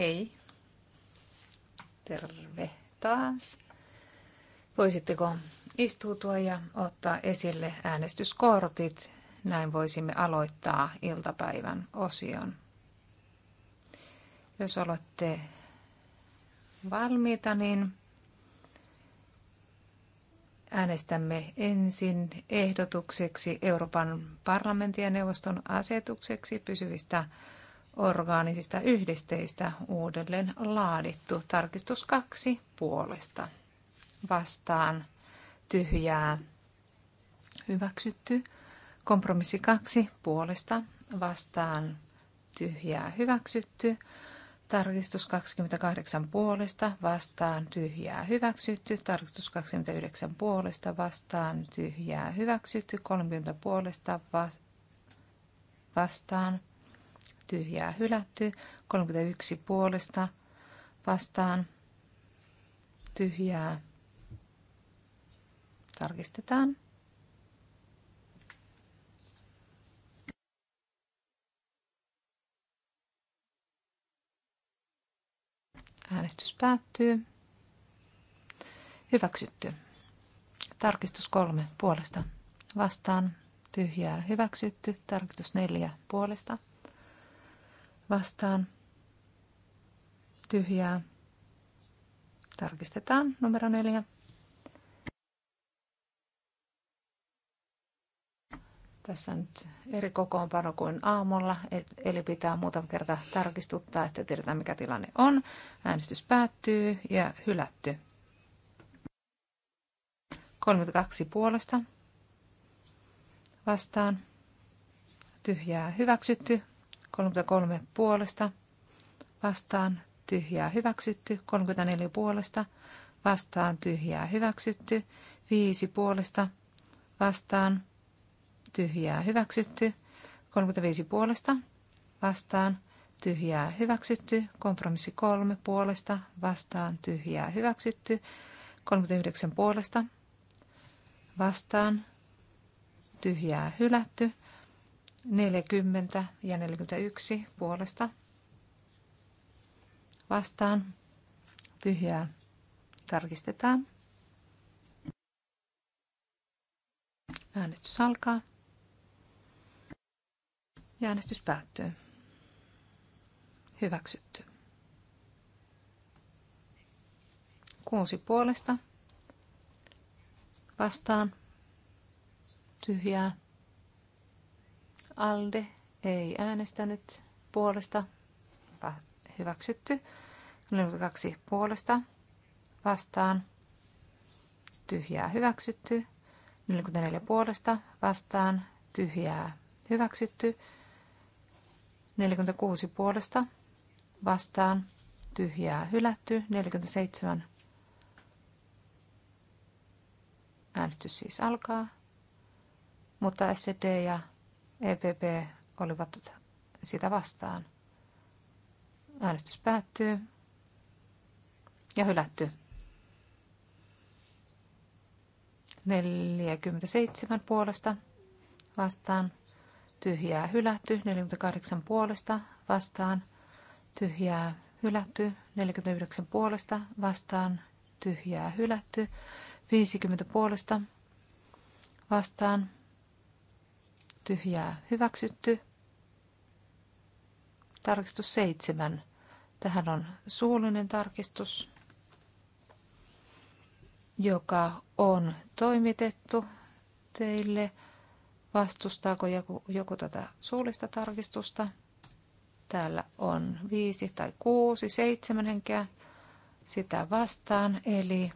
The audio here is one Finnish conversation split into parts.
Hei. Terve taas. Voisitteko istuutua ja ottaa esille äänestyskortit? Näin voisimme aloittaa iltapäivän osion. Jos olette valmiita, niin äänestämme ensin ehdotukseksi Euroopan parlamentin ja neuvoston asetukseksi pysyvistä orgaanisista yhdisteistä uudelleen laadittu. Tarkistus kaksi puolesta vastaan tyhjää hyväksytty. Kompromissi kaksi puolesta vastaan tyhjää hyväksytty. Tarkistus 28 puolesta vastaan tyhjää hyväksytty. Tarkistus 29 puolesta vastaan tyhjää hyväksytty. 30 puolesta va- vastaan tyhjää hylätty. 31 puolesta vastaan tyhjää. Tarkistetaan. Äänestys päättyy. Hyväksytty. Tarkistus kolme puolesta. Vastaan tyhjää hyväksytty. Tarkistus neljä puolesta vastaan tyhjää. Tarkistetaan numero neljä. Tässä on nyt eri kokoonpano kuin aamulla, eli pitää muutama kerta tarkistuttaa, että tiedetään mikä tilanne on. Äänestys päättyy ja hylätty. 32 puolesta vastaan. Tyhjää hyväksytty. 33 puolesta vastaan tyhjää hyväksytty. 34 puolesta vastaan tyhjää hyväksytty. 5 puolesta vastaan tyhjää hyväksytty. 35 puolesta vastaan tyhjää hyväksytty. Kompromissi 3 puolesta vastaan tyhjää hyväksytty. 39 puolesta vastaan tyhjää hylätty. 40 ja 41 puolesta vastaan. Tyhjää tarkistetaan. Äänestys alkaa. Ja äänestys päättyy. Hyväksytty. Kuusi puolesta. Vastaan. Tyhjää Alde ei äänestänyt puolesta. Hyväksytty. 42 puolesta vastaan. Tyhjää hyväksytty. 44 puolesta vastaan. Tyhjää hyväksytty. 46 puolesta vastaan. Tyhjää hylätty. 47 äänestys siis alkaa. Mutta SD ja EPP olivat sitä vastaan. Äänestys päättyy ja hylätty. 47 puolesta vastaan tyhjää hylätty, 48 puolesta vastaan tyhjää hylätty, 49 puolesta vastaan tyhjää hylätty, 50 puolesta vastaan tyhjää hyväksytty. Tarkistus seitsemän Tähän on suullinen tarkistus, joka on toimitettu teille. Vastustaako joku, joku tätä suullista tarkistusta? Täällä on viisi tai kuusi, seitsemän henkeä sitä vastaan, eli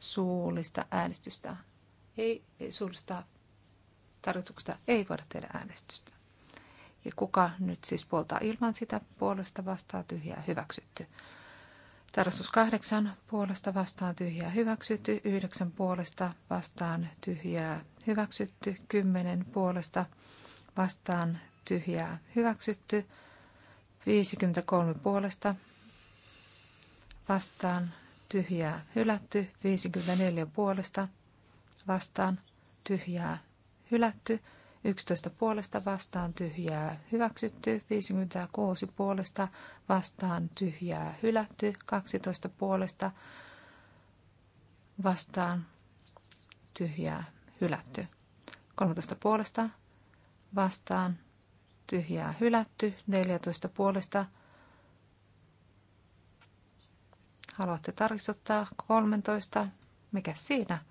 suullista äänestystä ei, suullista tarkoituksesta ei voida tehdä äänestystä. Ja kuka nyt siis puoltaa ilman sitä puolesta vastaa tyhjää hyväksytty. Tarkastus kahdeksan puolesta vastaan tyhjää hyväksytty, Yhdeksän puolesta vastaan tyhjää hyväksytty, Kymmenen puolesta vastaan tyhjää hyväksytty, 53 puolesta vastaan tyhjää hylätty, 54 puolesta vastaan tyhjää hylätty, 11 puolesta vastaan tyhjää hyväksytty, 56 puolesta vastaan tyhjää hylätty, 12 puolesta vastaan tyhjää hylätty, 13 puolesta vastaan tyhjää hylätty, 14 puolesta haluatte tarkistuttaa 13, mikä siinä –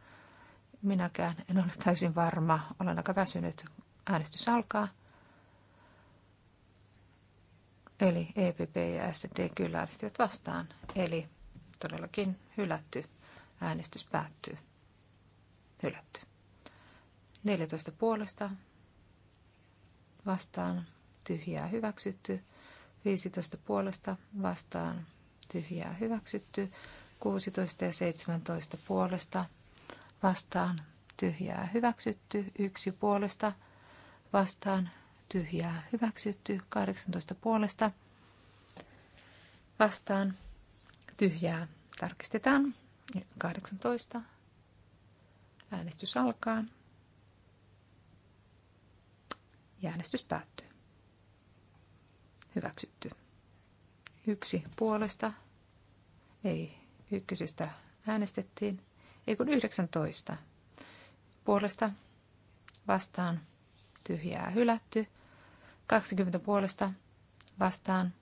Minäkään en ole täysin varma. Olen aika väsynyt. Äänestys alkaa. Eli EPP ja SD kyllä äänestivät vastaan. Eli todellakin hylätty. Äänestys päättyy. Hylätty. 14 puolesta vastaan tyhjää hyväksytty. 15 puolesta vastaan tyhjää hyväksytty. 16 ja 17 puolesta vastaan tyhjää hyväksytty, yksi puolesta vastaan tyhjää hyväksytty, 18 puolesta vastaan tyhjää tarkistetaan, 18 äänestys alkaa ja äänestys päättyy. Hyväksytty. Yksi puolesta, ei ykkösestä äänestettiin, ei kun 19. Puolesta vastaan tyhjää hylätty. 20 puolesta vastaan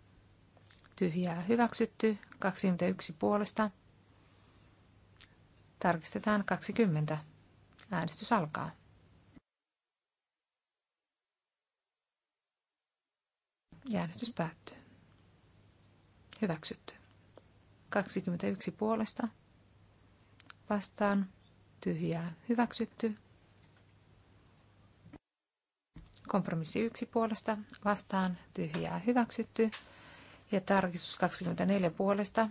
tyhjää hyväksytty. 21 puolesta tarkistetaan 20. Äänestys alkaa. Äänestys päättyy. Hyväksytty. 21 puolesta vastaan tyhjää hyväksytty. Kompromissi 1 puolesta vastaan tyhjää hyväksytty. Ja tarkistus 24 puolesta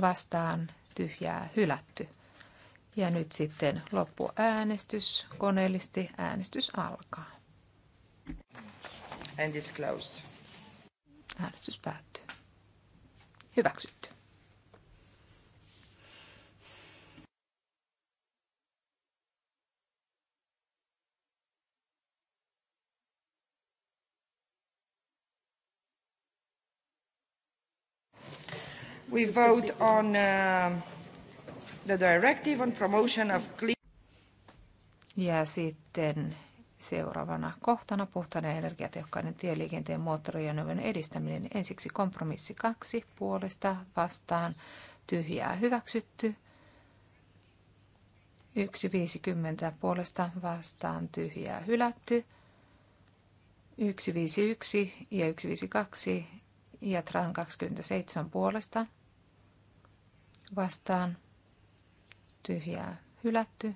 vastaan tyhjää hylätty. Ja nyt sitten loppuäänestys. Koneellisesti äänestys alkaa. And it's closed. Äänestys päättyy. Hyväksytty. We vote on uh, the directive on promotion of clean... Ja sitten seuraavana kohtana puhtaan energiatehokkaiden tieliikenteen moottoriajoneuvojen edistäminen. Ensiksi kompromissi kaksi puolesta vastaan tyhjää hyväksytty. 1,50 puolesta vastaan tyhjää hylätty. 1,51 ja 1,52 ja tran 27 puolesta vastaan tyhjää hylätty.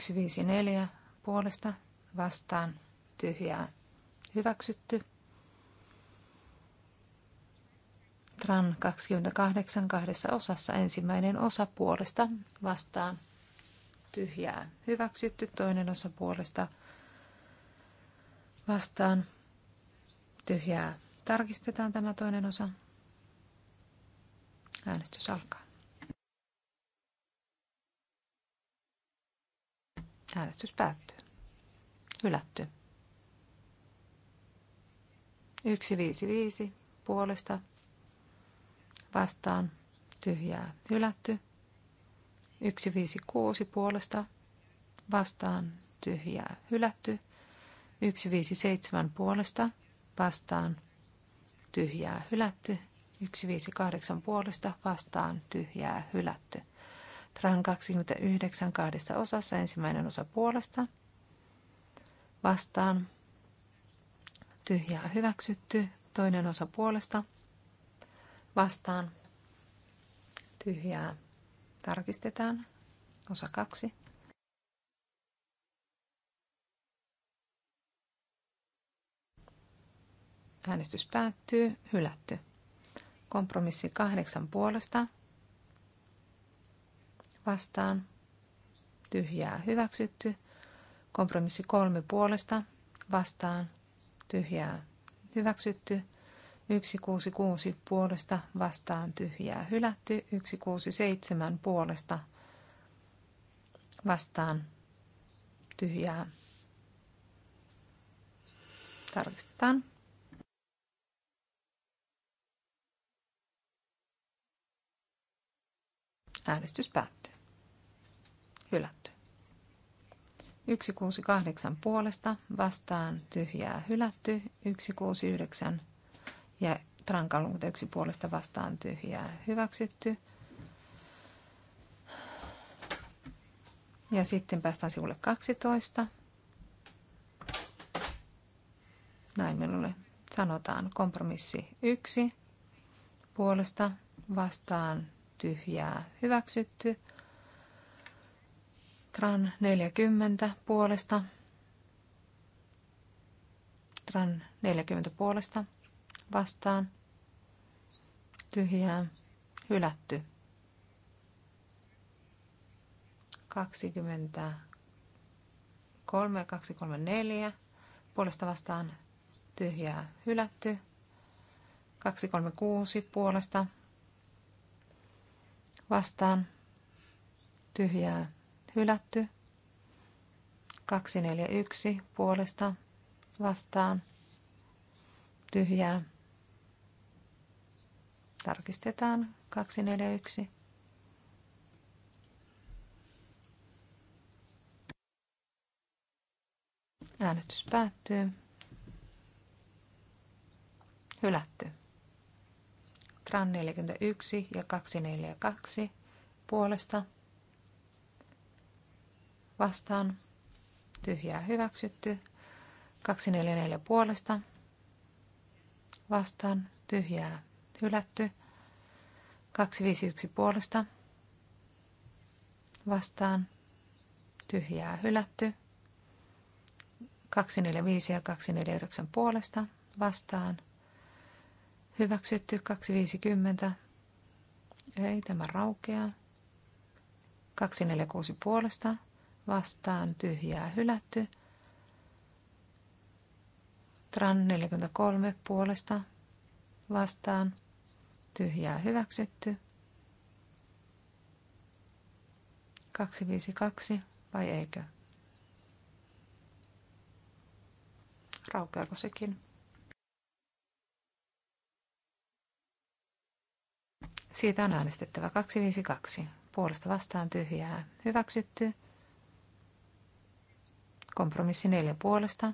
154 puolesta vastaan tyhjää hyväksytty. Tran 28 kahdessa osassa ensimmäinen osa puolesta vastaan tyhjää hyväksytty, toinen osa puolesta vastaan tyhjää. Tarkistetaan tämä toinen osa. Äänestys alkaa. Äänestys päättyy. Hylätty. 155 puolesta vastaan tyhjää hylätty. 156 puolesta vastaan tyhjää hylätty. 157 puolesta vastaan tyhjää hylätty. 158 puolesta vastaan tyhjää hylätty. Tran 29 kahdessa osassa ensimmäinen osa puolesta vastaan tyhjää hyväksytty. Toinen osa puolesta vastaan tyhjää tarkistetaan. Osa kaksi Äänestys päättyy. Hylätty. Kompromissi kahdeksan puolesta vastaan. Tyhjää hyväksytty. Kompromissi kolme puolesta vastaan. Tyhjää hyväksytty. 166 puolesta vastaan tyhjää hylätty. 167 puolesta vastaan tyhjää. Tarkistetaan. Äänestys päättyy. Hylätty. 168 puolesta vastaan tyhjää hylätty. 169 ja trankalunta yksi puolesta vastaan tyhjää hyväksytty. Ja sitten päästään sivulle 12. Näin minulle sanotaan kompromissi 1 puolesta vastaan tyhjää hyväksytty. Tran 40 puolesta. Tran 40 puolesta vastaan tyhjää hylätty. 23 234 puolesta vastaan tyhjää hylätty. 236 puolesta vastaan tyhjää hylätty. 241 puolesta vastaan tyhjää. Tarkistetaan 241. Äänestys päättyy. Hylätty. Tran 41 ja 242 puolesta vastaan tyhjää hyväksytty. 244 puolesta vastaan tyhjää hylätty. 251 puolesta vastaan tyhjää hylätty. 245 ja 249 puolesta vastaan Hyväksytty 250. Ei, tämä raukea. 246 puolesta vastaan tyhjää hylätty. Tran 43 puolesta vastaan tyhjää hyväksytty. 252 vai eikö? Raukeako sekin? Siitä on äänestettävä 252. Puolesta vastaan tyhjää. Hyväksytty. Kompromissi 4 puolesta.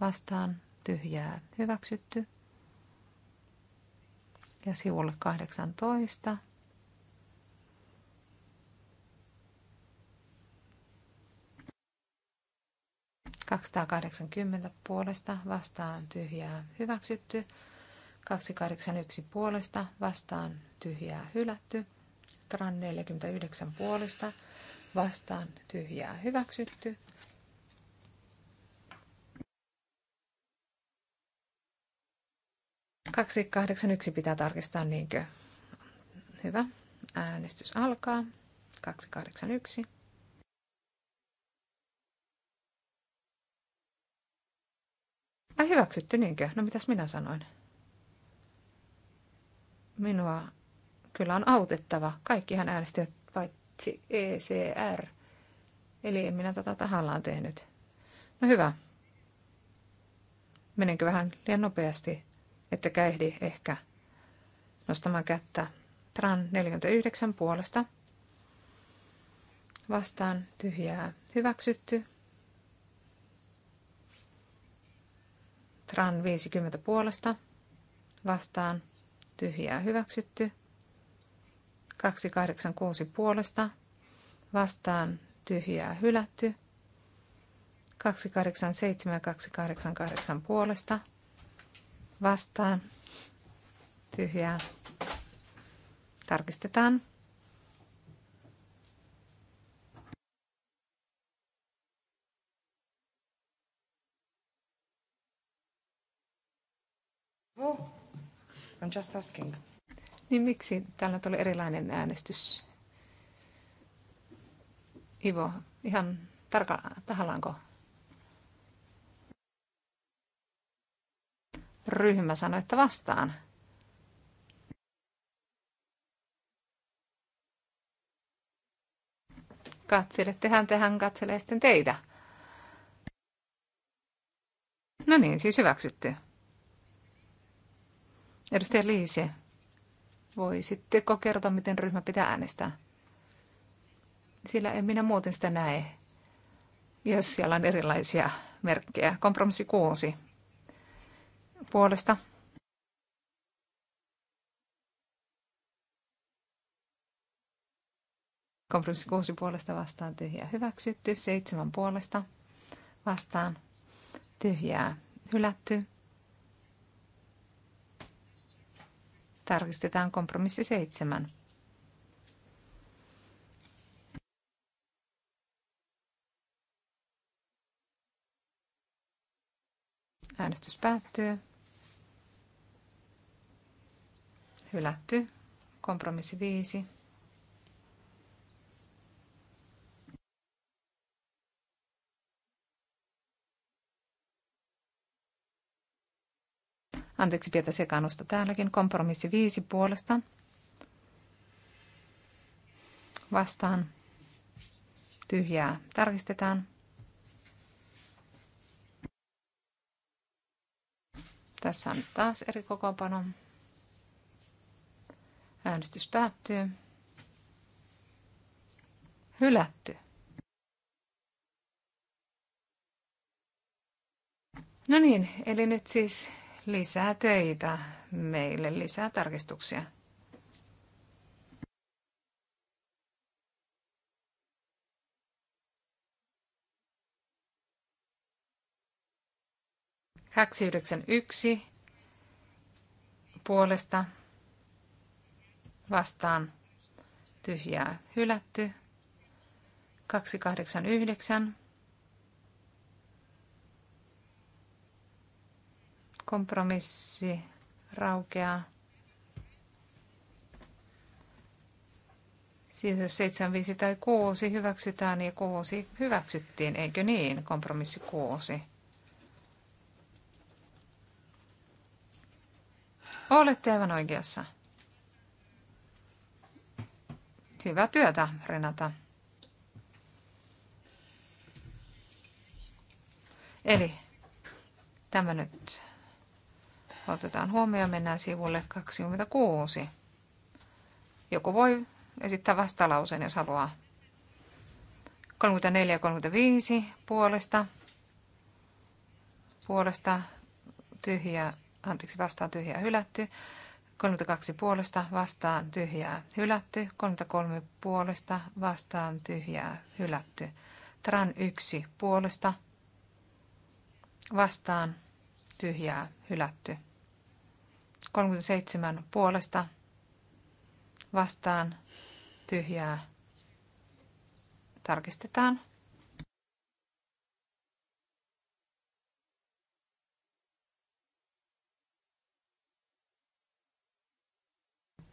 Vastaan tyhjää. Hyväksytty. Ja sivulle 18. Kaksisataakahdeksankymmentä puolesta vastaan tyhjää hyväksytty. 281 puolesta vastaan tyhjää hylätty. Tran 49 puolesta vastaan tyhjää hyväksytty. Kaksi kahdeksan yksi pitää tarkistaa, niinkö? Hyvä. Äänestys alkaa. 281. Ai hyväksytty, niinkö? No mitäs minä sanoin? Minua kyllä on autettava. Kaikkihan äänestivät paitsi ECR. Eli en minä tätä tahallaan tehnyt. No hyvä. Menenkö vähän liian nopeasti, että ehdi ehkä nostamaan kättä. Tran 49 puolesta. Vastaan tyhjää hyväksytty. Tran 50 puolesta. Vastaan tyhjää hyväksytty. 286 puolesta vastaan tyhjää hylätty. 287 ja 288 puolesta vastaan tyhjää. Tarkistetaan. I'm just asking. Niin miksi täällä tuli erilainen äänestys? Ivo, ihan tarka, tahallaanko? Ryhmä sanoi, että vastaan. Katselette hän, tehän katselee sitten teitä. No niin, siis hyväksytty. Edustaja Liise, voisitteko kertoa, miten ryhmä pitää äänestää? Sillä en minä muuten sitä näe, jos siellä on erilaisia merkkejä. Kompromissi kuusi puolesta. Kompromissi kuusi puolesta vastaan tyhjää hyväksytty, Seitsemän puolesta vastaan tyhjää hylätty, Tarkistetaan kompromissi seitsemän. Äänestys päättyy. Hylätty. Kompromissi 5. Anteeksi pientä sekannusta täälläkin. Kompromissi viisi puolesta. Vastaan. Tyhjää. Tarkistetaan. Tässä on taas eri kokoonpano. Äänestys päättyy. Hylätty. No niin, eli nyt siis lisää töitä meille, lisää tarkistuksia. Kaksi yhdeksän yksi puolesta vastaan tyhjää hylätty. Kaksi kahdeksan yhdeksän. kompromissi raukeaa. Siis jos 7, 5 tai 6 hyväksytään ja 6 hyväksyttiin, eikö niin? Kompromissi 6. Olette aivan oikeassa. Hyvää työtä, Renata. Eli tämä nyt otetaan huomioon, mennään sivulle 26. Joku voi esittää vastalauseen, jos haluaa. 34 ja 35 puolesta. Puolesta tyhjää, anteeksi, vastaan tyhjää hylätty. 32 puolesta vastaan tyhjää hylätty. 33 puolesta vastaan tyhjää hylätty. Tran 1 puolesta vastaan tyhjää hylätty. 37 puolesta vastaan tyhjää tarkistetaan.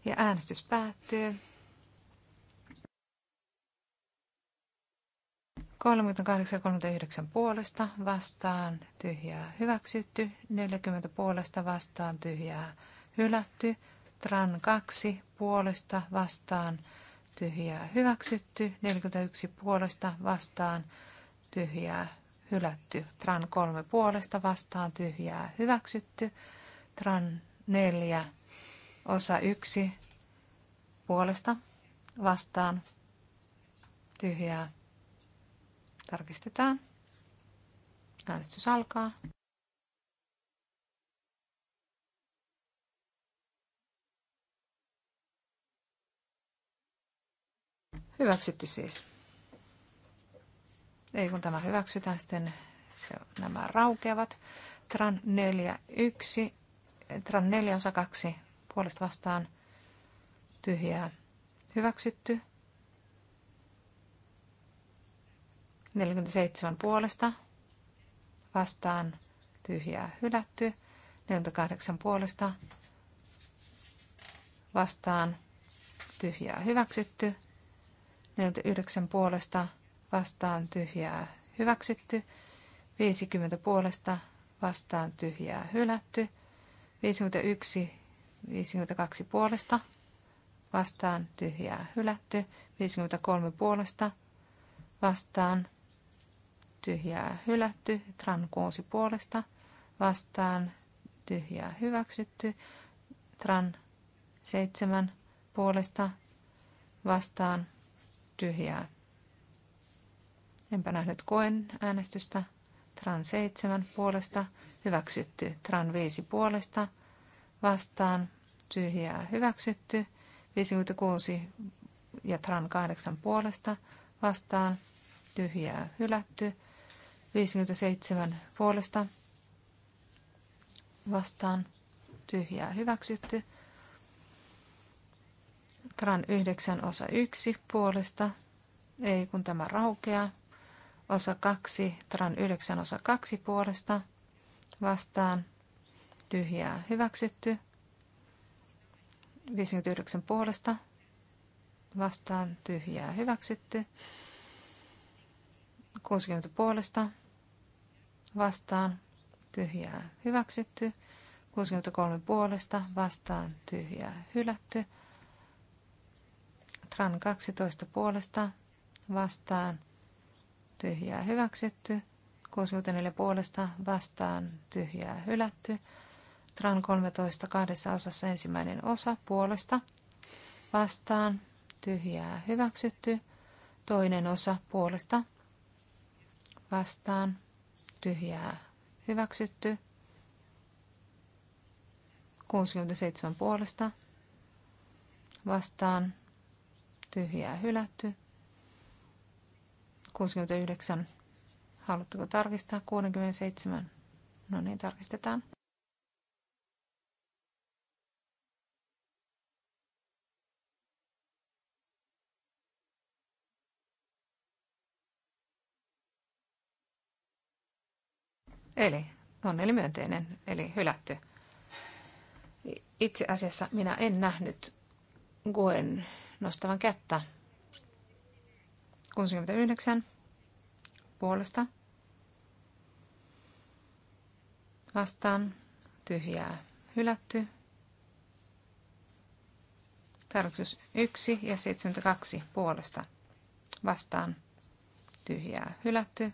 Ja äänestys päättyy. 38 39 puolesta vastaan tyhjää hyväksytty. 40 puolesta vastaan tyhjää hylätty. Tran 2 puolesta vastaan tyhjää hyväksytty. 41 puolesta vastaan tyhjää hylätty. Tran 3 puolesta vastaan tyhjää hyväksytty. Tran 4 osa 1 puolesta vastaan tyhjää hylätty. Tarkistetaan. Äänestys alkaa. Hyväksytty siis. Ei kun tämä hyväksytään, sitten se, nämä raukeavat. Tran 4, 1, Tran 4 osa 2 puolesta vastaan tyhjää hyväksytty. 47 puolesta vastaan tyhjää hylätty. 48 puolesta vastaan tyhjää hyväksytty. 49 puolesta vastaan tyhjää hyväksytty. 50 puolesta vastaan tyhjää hylätty. 51, 52 puolesta vastaan tyhjää hylätty. 53 puolesta vastaan tyhjää hylätty. Tran kuusi puolesta vastaan tyhjää hyväksytty. Tran seitsemän puolesta vastaan tyhjää. Enpä nähnyt koen äänestystä. Tran seitsemän puolesta hyväksytty. Tran viisi puolesta vastaan tyhjää hyväksytty. 56 ja Tran kahdeksan puolesta vastaan tyhjää hylätty. 57 puolesta vastaan tyhjää hyväksytty. Tran 9 osa 1 puolesta, ei kun tämä raukeaa. Osa 2, Tran 9 osa 2 puolesta vastaan tyhjää hyväksytty. 59 puolesta vastaan tyhjää hyväksytty. 60 puolesta vastaan tyhjää hyväksytty. 63 puolesta vastaan tyhjää hylätty. Tran 12 puolesta vastaan tyhjää hyväksytty. 64 puolesta vastaan tyhjää hylätty. Tran 13 kahdessa osassa ensimmäinen osa puolesta vastaan tyhjää hyväksytty. Toinen osa puolesta vastaan tyhjää hyväksytty. 67 puolesta vastaan tyhjää hylätty. 69. Haluatteko tarkistaa? 67. No niin, tarkistetaan. Eli on eli myönteinen, eli hylätty. Itse asiassa minä en nähnyt goen nostavan kättä. 69 puolesta vastaan tyhjää hylätty. Tarkoitus 1 ja 72 puolesta vastaan tyhjää hylätty.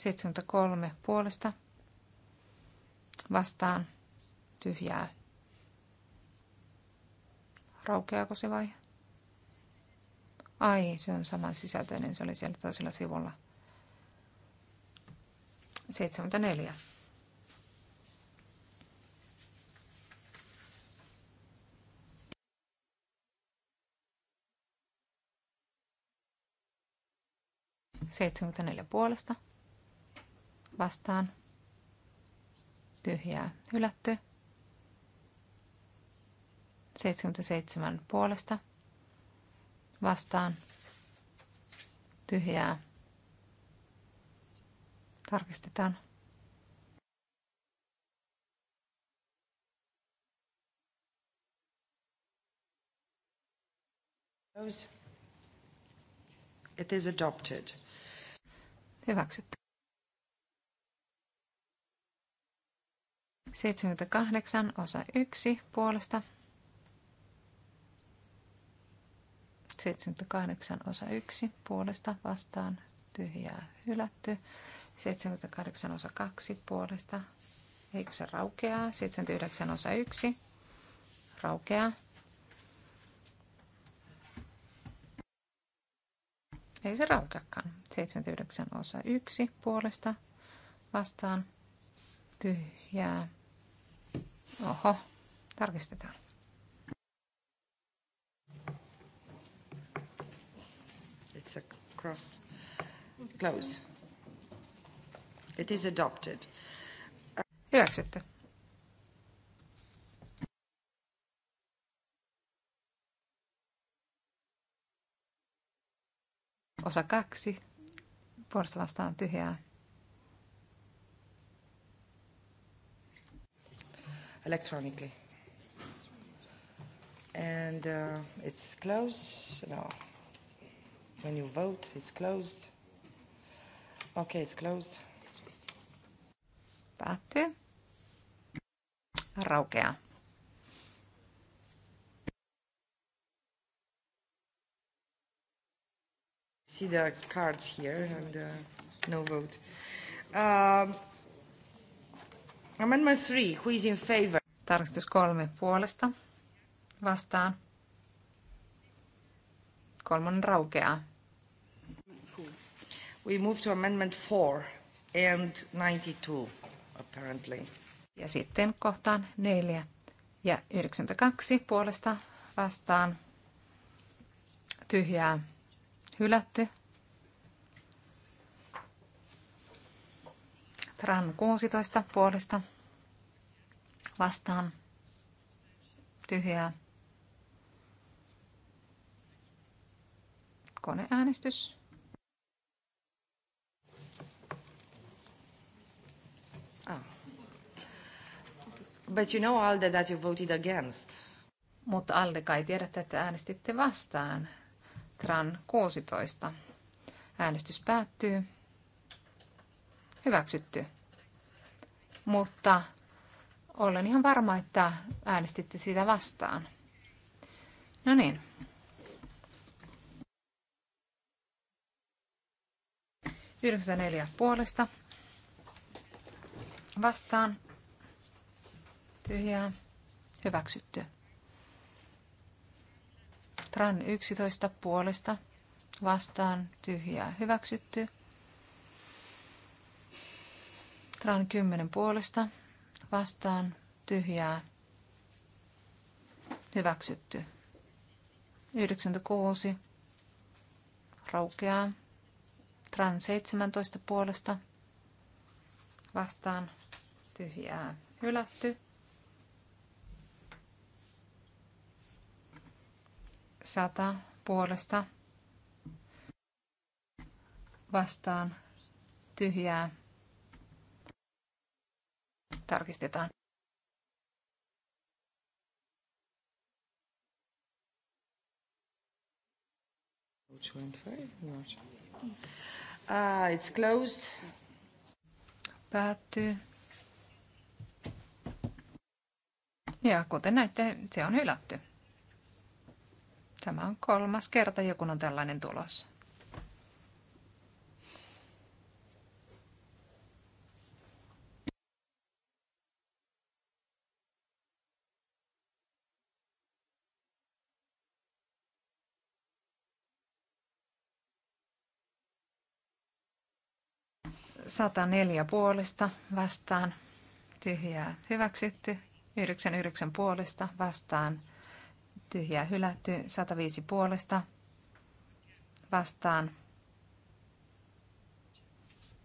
73 puolesta vastaan tyhjää. Raukeako se vai? Ai, se on saman sisältöinen, se oli siellä toisella sivulla. 74. Seitsemänkymmentäneljä puolesta vastaan tyhjää hylätty. 77 puolesta vastaan tyhjää tarkistetaan. It is adopted. Hyväksytty. 78 osa 1 puolesta. 78 osa 1 puolesta vastaan tyhjää hylätty. 78 osa 2 puolesta. Eikö se raukeaa? 79 osa 1 raukeaa. Ei se raukeakaan. 79 osa 1 puolesta vastaan tyhjää Oho, tarkistetaan. It's a cross close. It is adopted. Hyväksytty. Osa kaksi. Puolesta on tyhjää electronically. And uh, it's closed. No. When you vote, it's closed. Okay, it's closed. Päättyy. Raukea. See the cards here and uh, no vote. Um, Amendment 3, who is in favor? Tarkistus kolme puolesta. Vastaan. Kolmon raukeaa. We move to amendment 4 and 92, apparently. Ja sitten kohtaan 4 ja 92 puolesta vastaan tyhjää hylätty. Tran 16 puolesta vastaan tyhjää. Koneäänestys. Ah. But you know Alde that you voted against. Mutta Alde kai tiedätte, että äänestitte vastaan. Tran 16. Äänestys päättyy hyväksytty. Mutta olen ihan varma, että äänestitte sitä vastaan. No niin. neljä puolesta. Vastaan. Tyhjää. Hyväksytty. Tran 11 puolesta. Vastaan. Tyhjää. Hyväksytty. Tran 10 puolesta vastaan tyhjää hyväksytty. 96 raukeaa. Tran 17 puolesta vastaan tyhjää hylätty. 100 puolesta vastaan tyhjää tarkistetaan. Uh, it's closed. Päättyy. Ja kuten näette, se on hylätty. Tämä on kolmas kerta, joku on tällainen tulos. 104 puolesta vastaan tyhjää hyväksytty, 99 puolesta vastaan tyhjää hylätty, 105 puolesta vastaan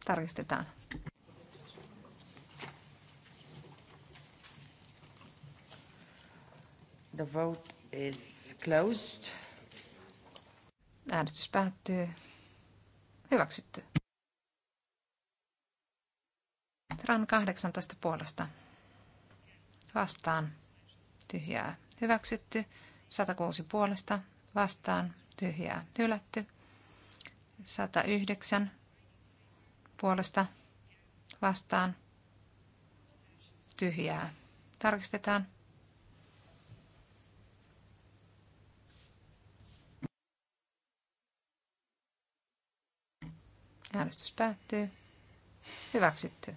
tarkistetaan. The vote is closed. Äänestys päättyy. Hyväksytty. Ran 18 puolesta. Vastaan. Tyhjää. Hyväksytty. 106 puolesta. Vastaan. Tyhjää. Hylätty. 109 puolesta. Vastaan. Tyhjää. Tarkistetaan. Äänestys päättyy. Hyväksytty.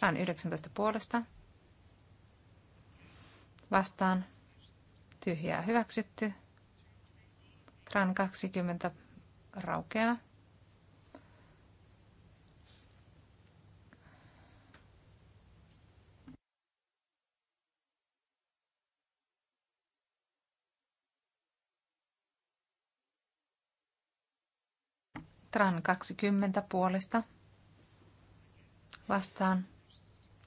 Tämä on 19 puolesta. Vastaan. Tyhjää hyväksytty. Tran 20 raukeaa. Tran 20 puolesta vastaan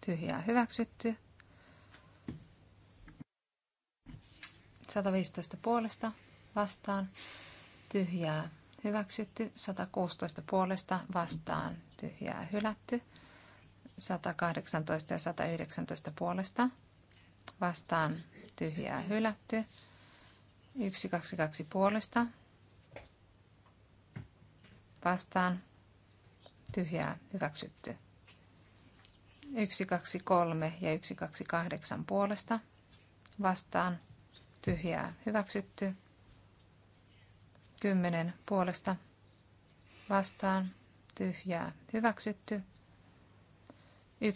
tyhjää hyväksytty. 115 puolesta vastaan tyhjää hyväksytty. 116 puolesta vastaan tyhjää hylätty. 118 ja 119 puolesta vastaan tyhjää hylätty. 122 puolesta vastaan tyhjää hyväksytty. 123 ja 128 puolesta vastaan tyhjää hyväksytty. 10 puolesta vastaan tyhjää hyväksytty.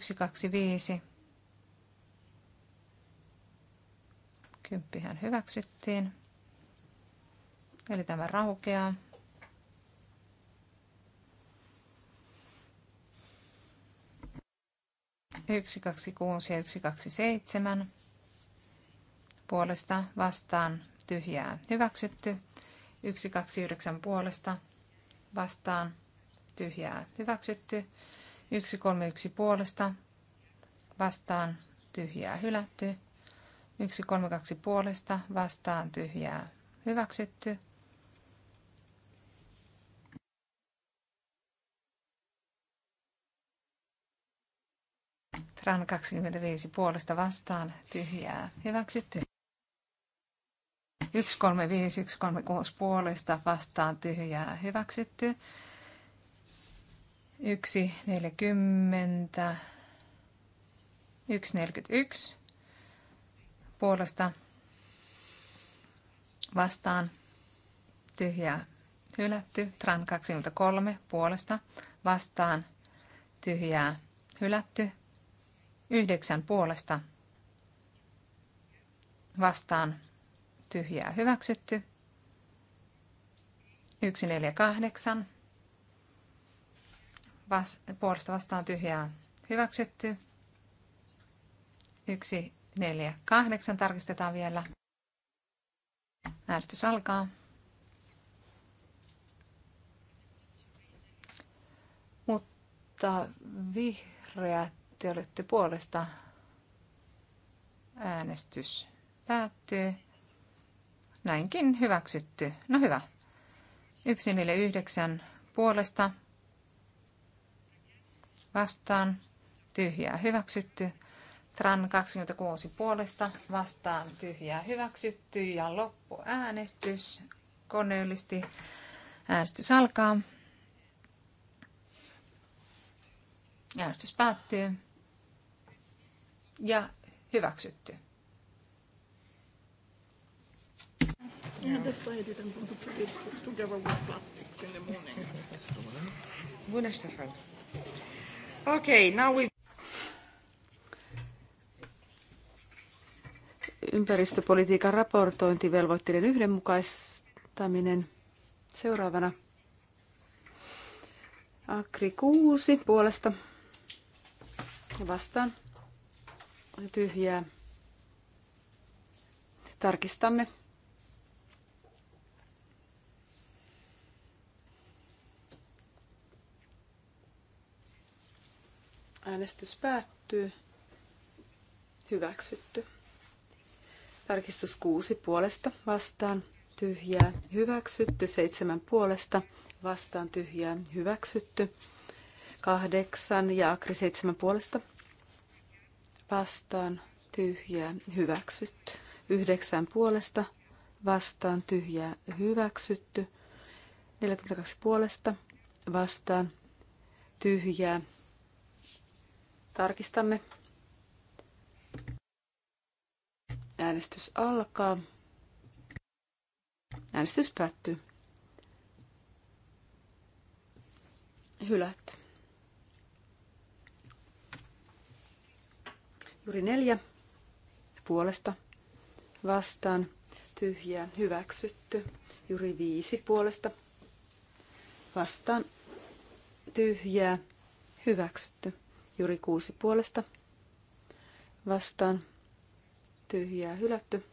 125 Kymppihän hyväksyttiin. Eli tämä raukeaa. 126 ja 127 puolesta vastaan tyhjää hyväksytty. 129 puolesta vastaan tyhjää hyväksytty. 131 puolesta vastaan tyhjää hylätty. 132 puolesta vastaan tyhjää hyväksytty. Ran 25 puolesta vastaan tyhjää hyväksytty. 135, 136 puolesta vastaan tyhjää hyväksytty. 140, 141 puolesta vastaan tyhjää hylätty. Tran 23 puolesta vastaan tyhjää hylätty. Yhdeksän puolesta vastaan tyhjää hyväksytty. 148 Vas, puolesta vastaan tyhjää hyväksytty. 148 tarkistetaan vielä. Äänestys alkaa. Mutta vihreät te olette puolesta. Äänestys päättyy. Näinkin hyväksytty. No hyvä. 149 puolesta. Vastaan. Tyhjää hyväksytty. Tran 26 puolesta vastaan tyhjää hyväksytty ja loppu äänestys koneellisesti. Äänestys alkaa. Äänestys päättyy ja hyväksytty. Okay, now we... Ympäristöpolitiikan raportointivelvoitteiden yhdenmukaistaminen seuraavana. Akri 6 puolesta vastaan tyhjää. Tarkistamme. Äänestys päättyy. Hyväksytty. Tarkistus 6 puolesta vastaan tyhjää. Hyväksytty. 7 puolesta vastaan tyhjää. Hyväksytty. 8 ja Akri 7 puolesta vastaan tyhjää hyväksytty. Yhdeksän puolesta vastaan tyhjää hyväksytty. 42 puolesta vastaan tyhjää. Tarkistamme. Äänestys alkaa. Äänestys päättyy. Hylätty. Juuri neljä puolesta vastaan tyhjää hyväksytty. Juuri viisi puolesta vastaan tyhjää hyväksytty. Juuri kuusi puolesta vastaan tyhjää hylätty.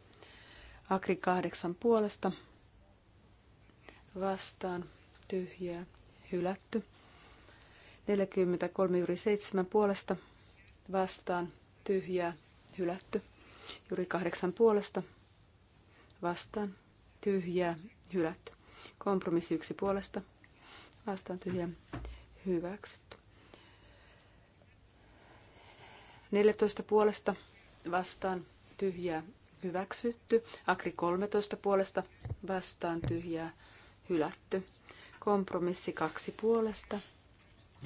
Akri kahdeksan puolesta vastaan tyhjää hylätty. 43 juuri 7 puolesta vastaan tyhjää, hylätty. Juuri kahdeksan puolesta vastaan, tyhjää, hylätty. Kompromissi yksi puolesta vastaan, tyhjää, hyväksytty. 14 puolesta vastaan, tyhjää, hyväksytty. Akri 13 puolesta vastaan, tyhjää, hylätty. Kompromissi kaksi puolesta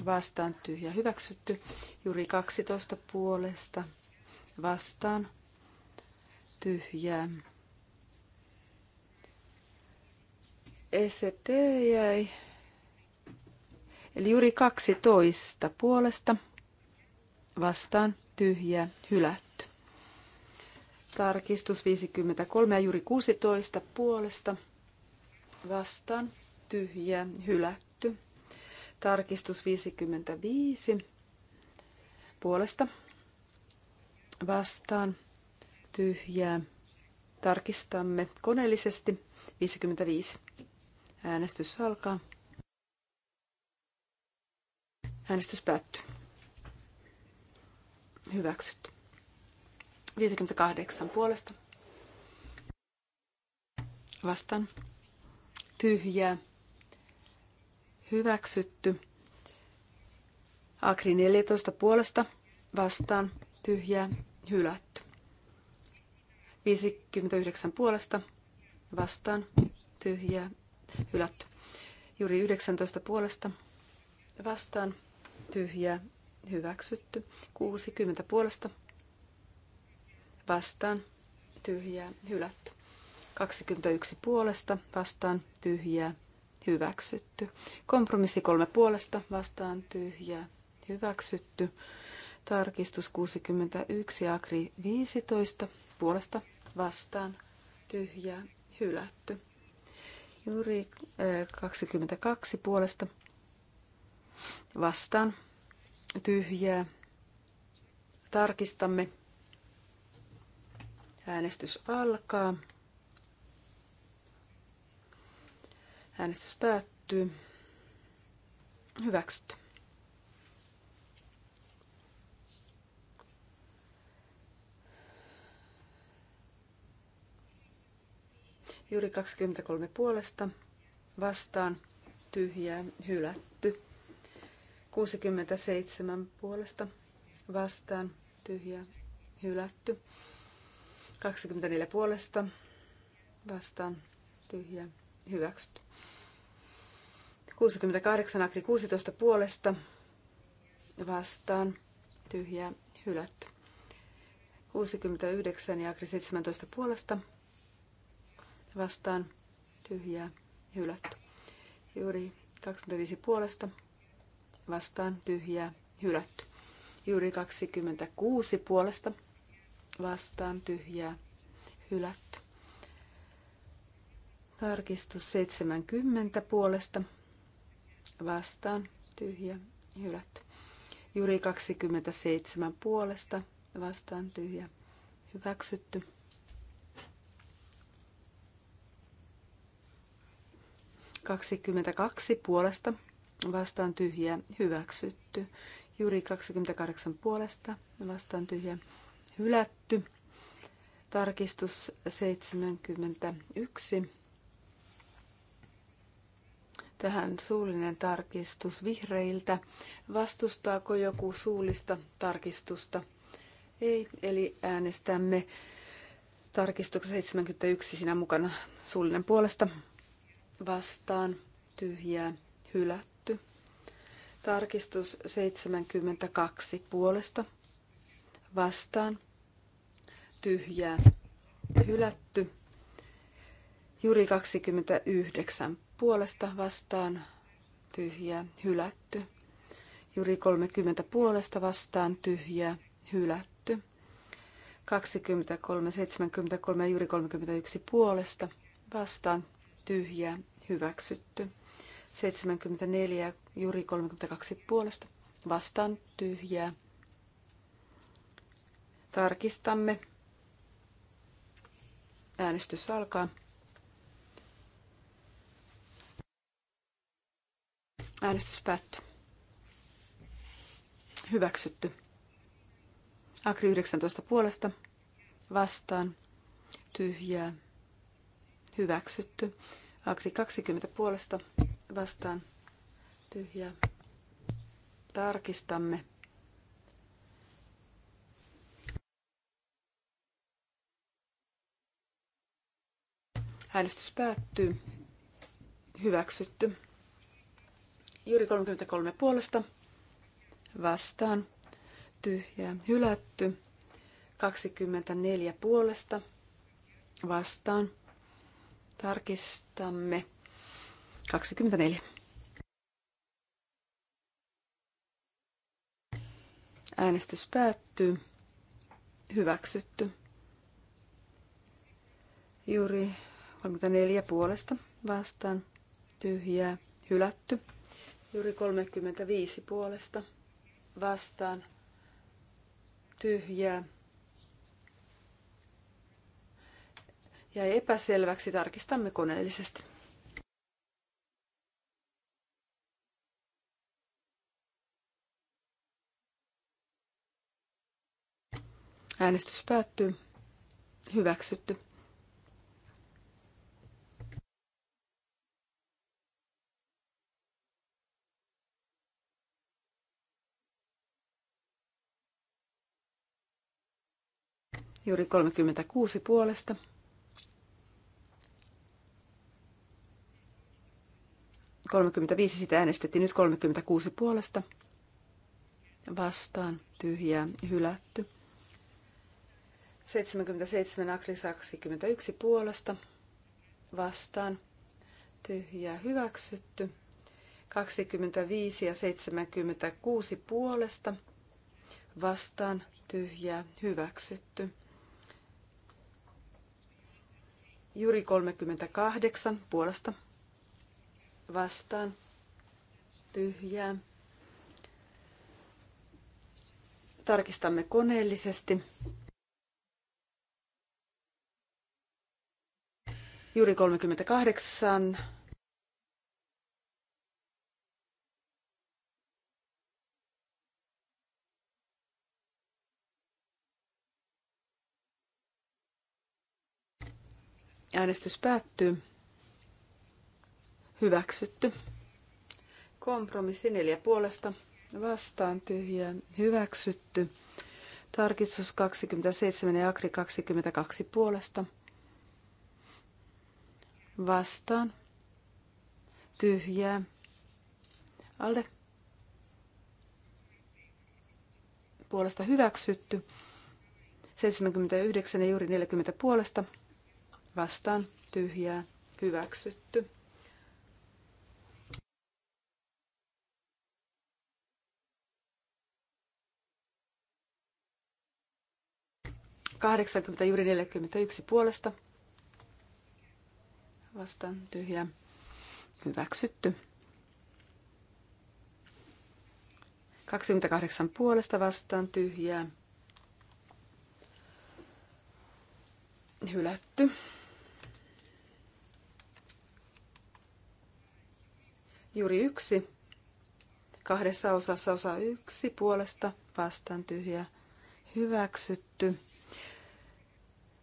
vastaan tyhjä hyväksytty. Juri 12 puolesta vastaan tyhjää. ST jäi. Eli juuri 12 puolesta vastaan tyhjä hylätty. Tarkistus 53 ja juuri 16 puolesta vastaan tyhjä hylätty. Tarkistus 55 puolesta vastaan tyhjää. Tarkistamme koneellisesti 55. Äänestys alkaa. Äänestys päättyy. hyväksyt 58 puolesta. Vastaan. Tyhjää hyväksytty. akri 14 puolesta vastaan tyhjää hylätty. 59 puolesta vastaan tyhjää hylätty. Juuri 19 puolesta vastaan tyhjää hyväksytty. 60 puolesta vastaan tyhjää hylätty. 21 puolesta vastaan tyhjää hyväksytty. Kompromissi kolme puolesta vastaan tyhjä hyväksytty. Tarkistus 61 Agri 15 puolesta vastaan tyhjä hylätty. Juuri 22 äh, puolesta vastaan tyhjää. Tarkistamme. Äänestys alkaa. Äänestys päättyy. Hyväksytty. Juuri 23 puolesta vastaan tyhjää hylätty. 67 puolesta vastaan tyhjää hylätty. 24 puolesta vastaan tyhjää hyväksytty. 68 akri 16 puolesta vastaan tyhjää hylätty. 69 ja akri 17 puolesta vastaan tyhjää hylätty. Juuri 25 puolesta vastaan tyhjää hylätty. Juuri 26 puolesta vastaan tyhjää hylätty. Tarkistus 70 puolesta vastaan tyhjä hylätty. Juri 27 puolesta vastaan tyhjä hyväksytty. Kaksikymmentäkaksi puolesta vastaan tyhjä hyväksytty. Juri 28 puolesta vastaan tyhjä hylätty. Tarkistus 71 tähän suullinen tarkistus vihreiltä. Vastustaako joku suullista tarkistusta? Ei, eli äänestämme tarkistuksen 71 sinä mukana suullinen puolesta vastaan tyhjää hylätty. Tarkistus 72 puolesta vastaan tyhjää hylätty. Juri 29 puolesta vastaan tyhjä hylätty. Juri 30 puolesta vastaan tyhjä, hylätty. 23, 73 Juri 31 puolesta vastaan tyhjä, hyväksytty. 74 Juri 32 puolesta vastaan tyhjä Tarkistamme. Äänestys alkaa. Äänestys päättyy. Hyväksytty. Agri 19 puolesta vastaan. Tyhjää. Hyväksytty. Agri 20 puolesta vastaan. Tyhjää. Tarkistamme. Äänestys päättyy. Hyväksytty. Juuri 33 puolesta vastaan. Tyhjää hylätty. 24 puolesta vastaan. Tarkistamme. 24. Äänestys päättyy. Hyväksytty. Juuri 34 puolesta vastaan. Tyhjää. Hylätty. Juuri 35 puolesta vastaan tyhjää. Ja epäselväksi tarkistamme koneellisesti. Äänestys päättyy. Hyväksytty. Juuri 36 puolesta. Kolmekymmentäviisi sitä äänestettiin, nyt 36 puolesta. Vastaan, tyhjää, hylätty. 77 Akli 21 puolesta. Vastaan, tyhjää, hyväksytty. 25 ja 76 puolesta vastaan tyhjää hyväksytty. Juri 38 puolesta vastaan tyhjää. Tarkistamme koneellisesti. Juri 38 Äänestys päättyy. Hyväksytty. Kompromissi neljä puolesta. Vastaan tyhjä Hyväksytty. Tarkistus 27 ja Akri 22 puolesta. Vastaan. Tyhjää. Alde. Puolesta hyväksytty. 79 ja juuri 40 puolesta vastaan tyhjää hyväksytty. Kahdeksankymmentä juuri yksi puolesta vastaan tyhjää hyväksytty. kaksikymmentäkahdeksan puolesta vastaan tyhjää. Hylätty. Juuri yksi. Kahdessa osassa osa yksi puolesta vastaan tyhjä hyväksytty.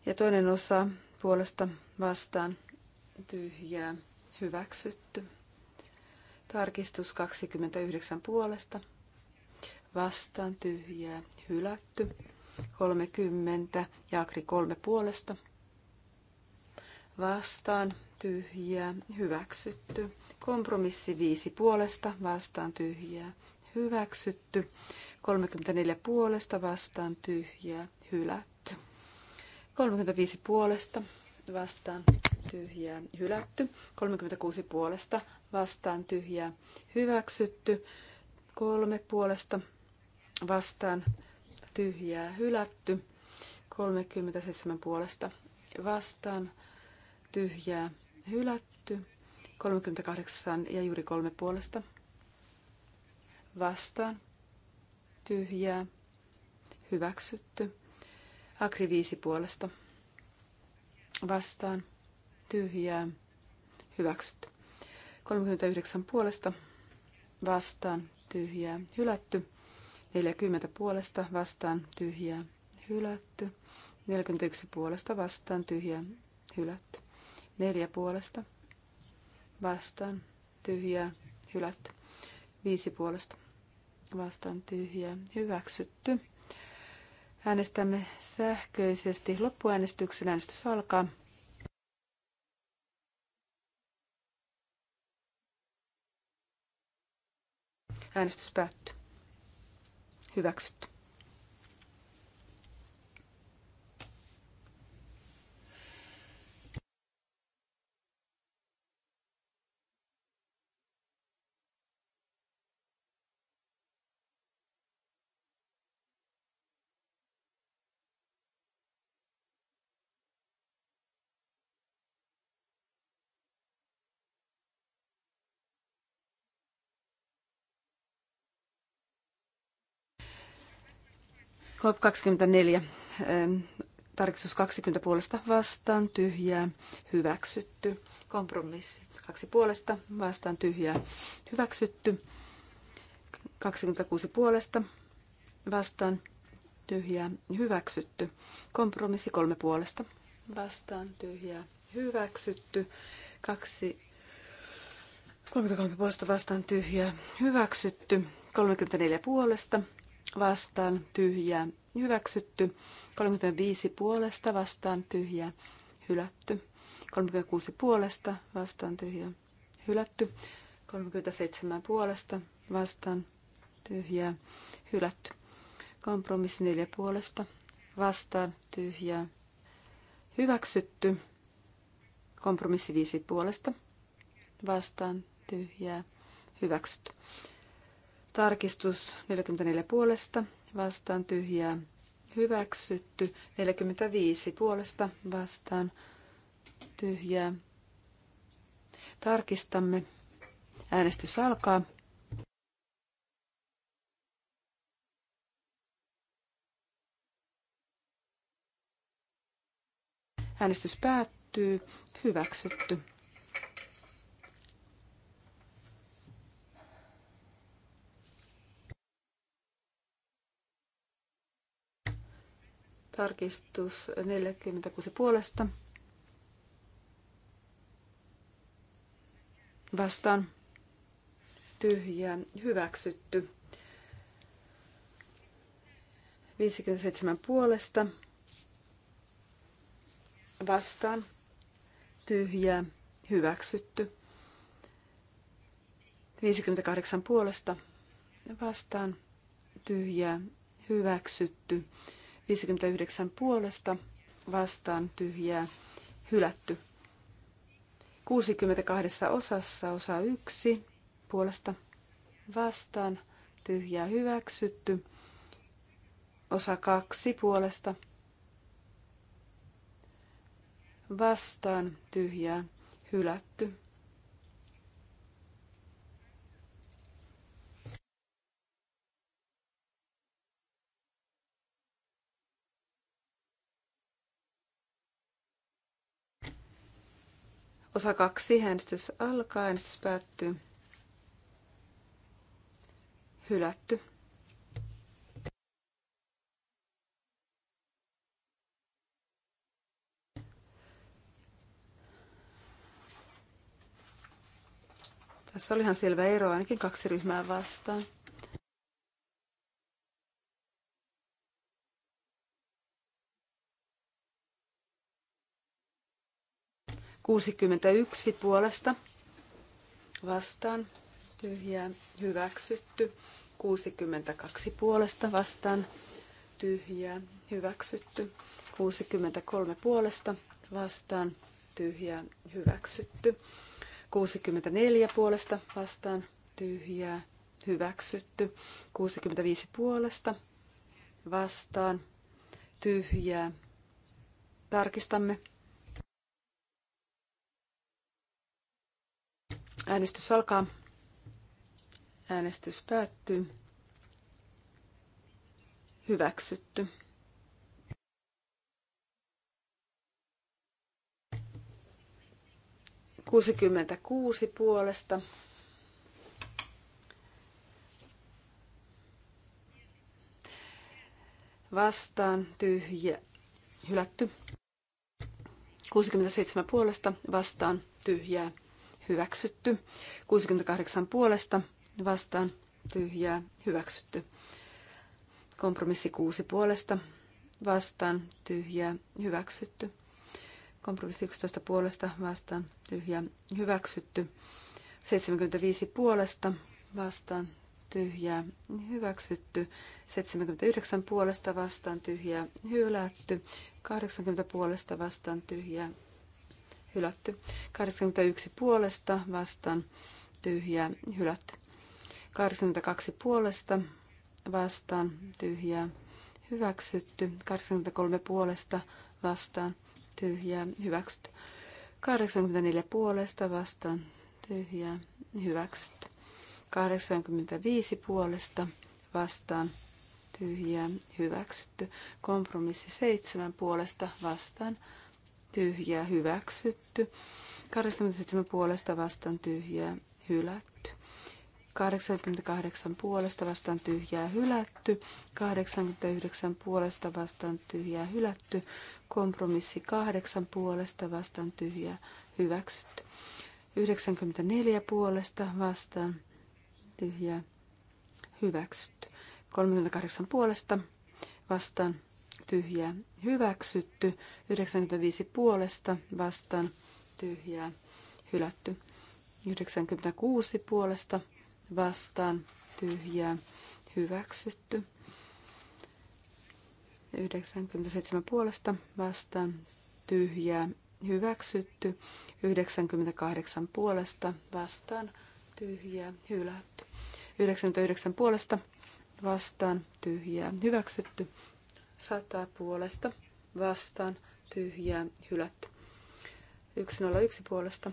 Ja toinen osa puolesta vastaan tyhjää hyväksytty. Tarkistus 29 puolesta vastaan tyhjää hylätty. 30 ja Akri 3 puolesta vastaan tyhjää hyväksytty. Kompromissi 5 puolesta vastaan tyhjää. Hyväksytty. 34 puolesta vastaan tyhjää. Hylätty. 35 puolesta vastaan tyhjää. Hylätty. 36 puolesta vastaan tyhjää. Hyväksytty. 3 puolesta vastaan tyhjää. Hylätty. 37 puolesta vastaan tyhjää. Hylätty. 38 ja juuri kolme puolesta. Vastaan. Tyhjää. Hyväksytty. akri viisi puolesta. Vastaan. Tyhjää. Hyväksytty. 39 puolesta. Vastaan. Tyhjää. Hylätty. 40 puolesta. Vastaan. Tyhjää. Hylätty. 41 puolesta. Vastaan. Tyhjää. Hylätty. 4 puolesta vastaan tyhjää hylätty. Viisi puolesta vastaan tyhjää hyväksytty. Äänestämme sähköisesti loppuäänestyksen. Äänestys alkaa. Äänestys päättyy. Hyväksytty. COP24 ähm, tarkistus 20 puolesta vastaan tyhjää hyväksytty. Kompromissi kaksi puolesta vastaan tyhjää hyväksytty. 26 puolesta vastaan tyhjää hyväksytty. Kompromissi kolme puolesta vastaan tyhjää hyväksytty. Kaksi 33 puolesta vastaan tyhjää hyväksytty. 34 puolesta vastaan tyhjää hyväksytty. 35 puolesta vastaan tyhjää hylätty. 36 puolesta vastaan tyhjää hylätty. 37 puolesta vastaan tyhjää hylätty. Kompromissi 4 puolesta vastaan tyhjää hyväksytty. Kompromissi 5 puolesta vastaan tyhjää hyväksytty. Tarkistus 44 puolesta vastaan tyhjää hyväksytty. 45 puolesta vastaan tyhjää. Tarkistamme. Äänestys alkaa. Äänestys päättyy. Hyväksytty. Tarkistus 46 puolesta. Vastaan tyhjä hyväksytty. 57 puolesta. Vastaan tyhjää hyväksytty. 58 puolesta vastaan tyhjää hyväksytty. 59 puolesta vastaan tyhjää hylätty. 62 osassa osa 1 puolesta vastaan tyhjää hyväksytty. Osa 2 puolesta vastaan tyhjää hylätty. Osa kaksi, äänestys alkaa, äänestys päättyy. Hylätty. Tässä oli ihan selvä ero, ainakin kaksi ryhmää vastaan. 61 puolesta vastaan tyhjää hyväksytty. 62 puolesta vastaan tyhjää hyväksytty. 63 puolesta vastaan tyhjää hyväksytty. 64 puolesta vastaan tyhjää hyväksytty. 65 puolesta vastaan tyhjää. Tarkistamme Äänestys alkaa. Äänestys päättyy. Hyväksytty. kuusi puolesta. Vastaan tyhjä. Hylätty. 67 puolesta vastaan tyhjää hyväksytty. 68 puolesta vastaan tyhjää hyväksytty. Kompromissi 6 puolesta vastaan tyhjää hyväksytty. Kompromissi 11 puolesta vastaan tyhjää hyväksytty. 75 puolesta vastaan tyhjää hyväksytty. 79 puolesta vastaan tyhjää hylätty. 80 puolesta vastaan tyhjää hylätty. 81 puolesta vastaan tyhjää hylätty. 82 puolesta vastaan tyhjää hyväksytty. 83 puolesta vastaan tyhjää hyväksytty. 84 puolesta vastaan tyhjää hyväksytty. 85 puolesta vastaan tyhjää hyväksytty. Kompromissi 7 puolesta vastaan tyhjää hyväksytty. 87 puolesta vastaan tyhjää hylätty. 88 puolesta vastaan tyhjää hylätty. 89 puolesta vastaan tyhjää hylätty. Kompromissi 8 puolesta vastaan tyhjää hyväksytty. 94 puolesta vastaan tyhjää hyväksytty. 38 puolesta vastaan tyhjää hyväksytty, 95 puolesta vastaan tyhjää hylätty, 96 puolesta vastaan tyhjää hyväksytty, 97 puolesta vastaan tyhjää hyväksytty, 98 puolesta vastaan tyhjää hylätty, 99 puolesta vastaan tyhjää hyväksytty, 100 puolesta vastaan tyhjää hylätty. 101 puolesta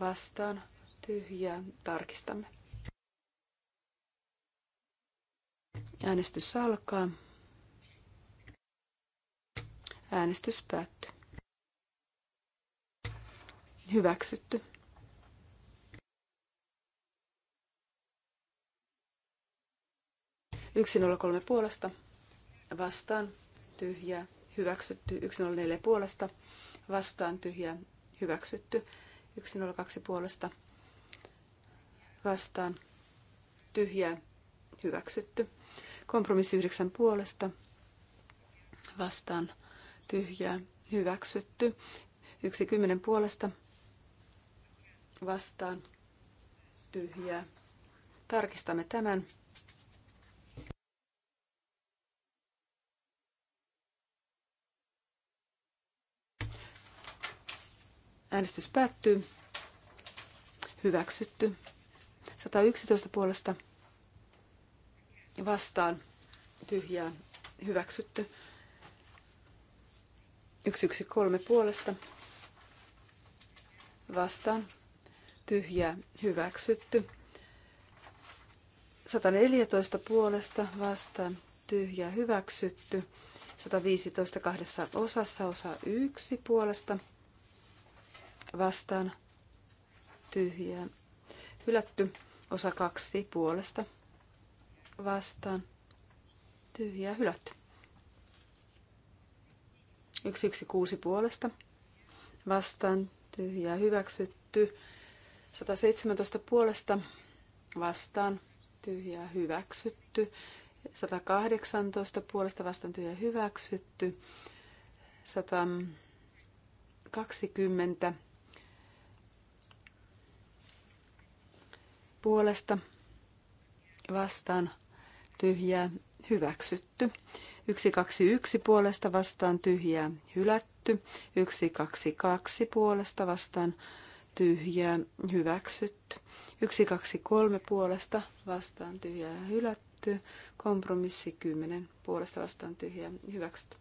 vastaan tyhjää tarkistamme. Äänestys alkaa. Äänestys päättyy. Hyväksytty. Yksi nolla kolme puolesta vastaan tyhjä hyväksytty 104 puolesta, vastaan tyhjä hyväksytty 102 puolesta, vastaan tyhjä hyväksytty. Kompromissi 9 puolesta, vastaan tyhjä hyväksytty. 110 puolesta, vastaan tyhjä Tarkistamme tämän. Äänestys päättyy. Hyväksytty. 111 puolesta vastaan tyhjään hyväksytty. 113 puolesta vastaan tyhjää hyväksytty. 114 puolesta vastaan tyhjää hyväksytty. 115 kahdessa osassa osa 1 puolesta vastaan tyhjää. Hylätty osa kaksi puolesta vastaan tyhjää hylätty. 116 puolesta vastaan tyhjää hyväksytty. 117 puolesta vastaan tyhjää hyväksytty. 118 puolesta vastaan tyhjää hyväksytty. 120 puolesta vastaan tyhjää hyväksytty. 121 puolesta vastaan tyhjää hylätty. 122 puolesta vastaan tyhjää hyväksytty. 123 puolesta vastaan tyhjää hylätty. Kompromissi 10 puolesta vastaan tyhjää hyväksytty.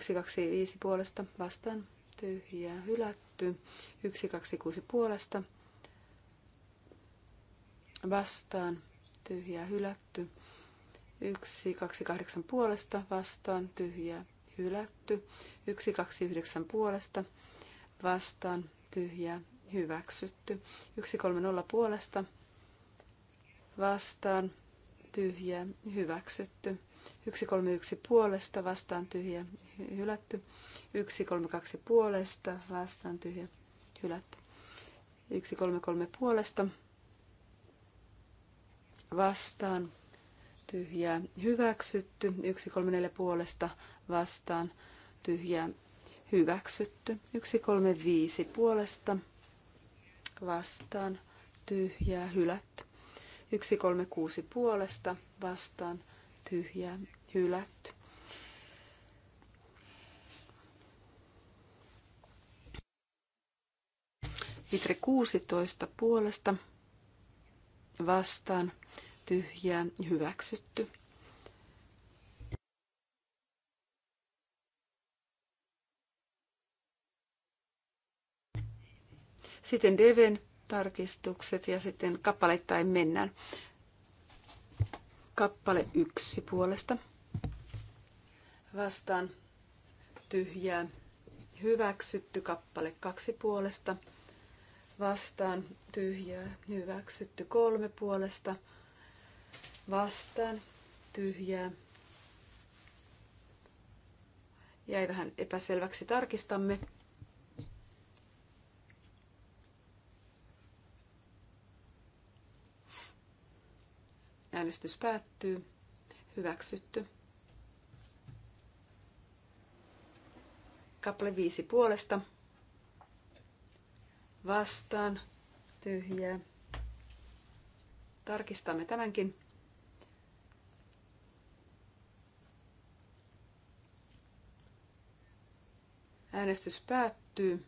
125 puolesta vastaan tyhjää hylätty. 126 puolesta vastaan tyhjää hylätty. 1, 2, 8 puolesta vastaan tyhjää hylätty. 1, 2, 9 puolesta vastaan tyhjää hyväksytty. 1, 3, 0 puolesta vastaan tyhjää hyväksytty. 1, 3, 1 puolesta vastaan tyhjä hylätty. 1, 3, 2 puolesta vastaan tyhjä hylätty. 1, 3, 3 puolesta vastaan, vastaan tyhjää hyväksytty, 134 puolesta vastaan tyhjää hyväksytty, viisi puolesta vastaan tyhjää hylätty, kuusi puolesta vastaan tyhjää hylätty. Vitre 16 puolesta vastaan tyhjää hyväksytty. Sitten Deven tarkistukset ja sitten kappaleittain mennään. Kappale yksi puolesta. Vastaan tyhjää. Hyväksytty kappale kaksi puolesta vastaan tyhjää hyväksytty. Kolme puolesta vastaan tyhjää. Jäi vähän epäselväksi, tarkistamme. Äänestys päättyy. Hyväksytty. Kappale viisi puolesta vastaan, tyhjää. Tarkistamme tämänkin. Äänestys päättyy.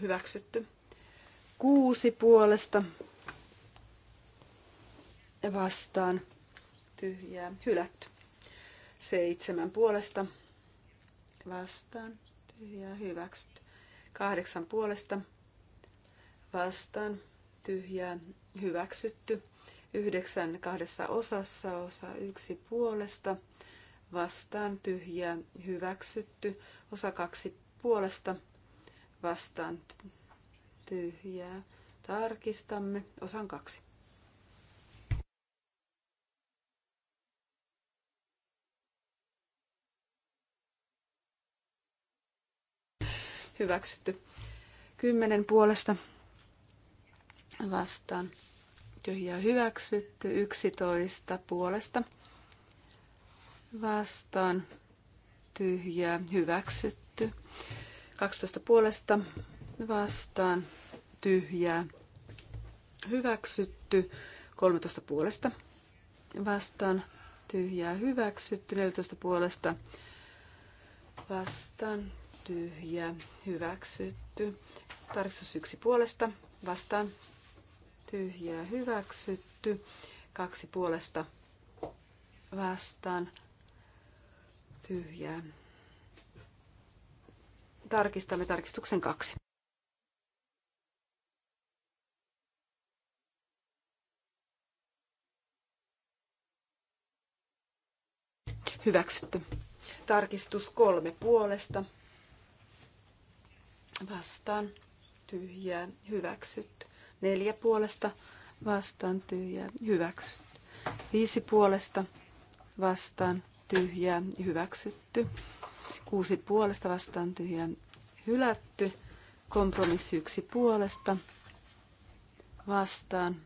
Hyväksytty. Kuusi puolesta vastaan tyhjää hylätty. Seitsemän puolesta vastaan tyhjää hyväksytty. Kahdeksan puolesta vastaan tyhjää hyväksytty. Yhdeksän kahdessa osassa osa yksi puolesta vastaan tyhjää hyväksytty. Osa kaksi puolesta vastaan tyhjää. Tarkistamme osan kaksi. hyväksytty. Kymmenen puolesta vastaan tyhjä hyväksytty. Yksitoista puolesta vastaan tyhjä hyväksytty. 12 puolesta vastaan tyhjä hyväksytty. 13 puolesta vastaan tyhjää hyväksytty. 14 puolesta vastaan tyhjä, hyväksytty. Tarkistus yksi puolesta, vastaan, tyhjä hyväksytty. Kaksi puolesta, vastaan, tyhjä Tarkistamme tarkistuksen kaksi. Hyväksytty. Tarkistus kolme puolesta vastaan tyhjää hyväksytty. Neljä puolesta vastaan tyhjää hyväksytty. Viisi puolesta vastaan tyhjää hyväksytty. Kuusi puolesta vastaan tyhjää hylätty. Kompromissi yksi puolesta vastaan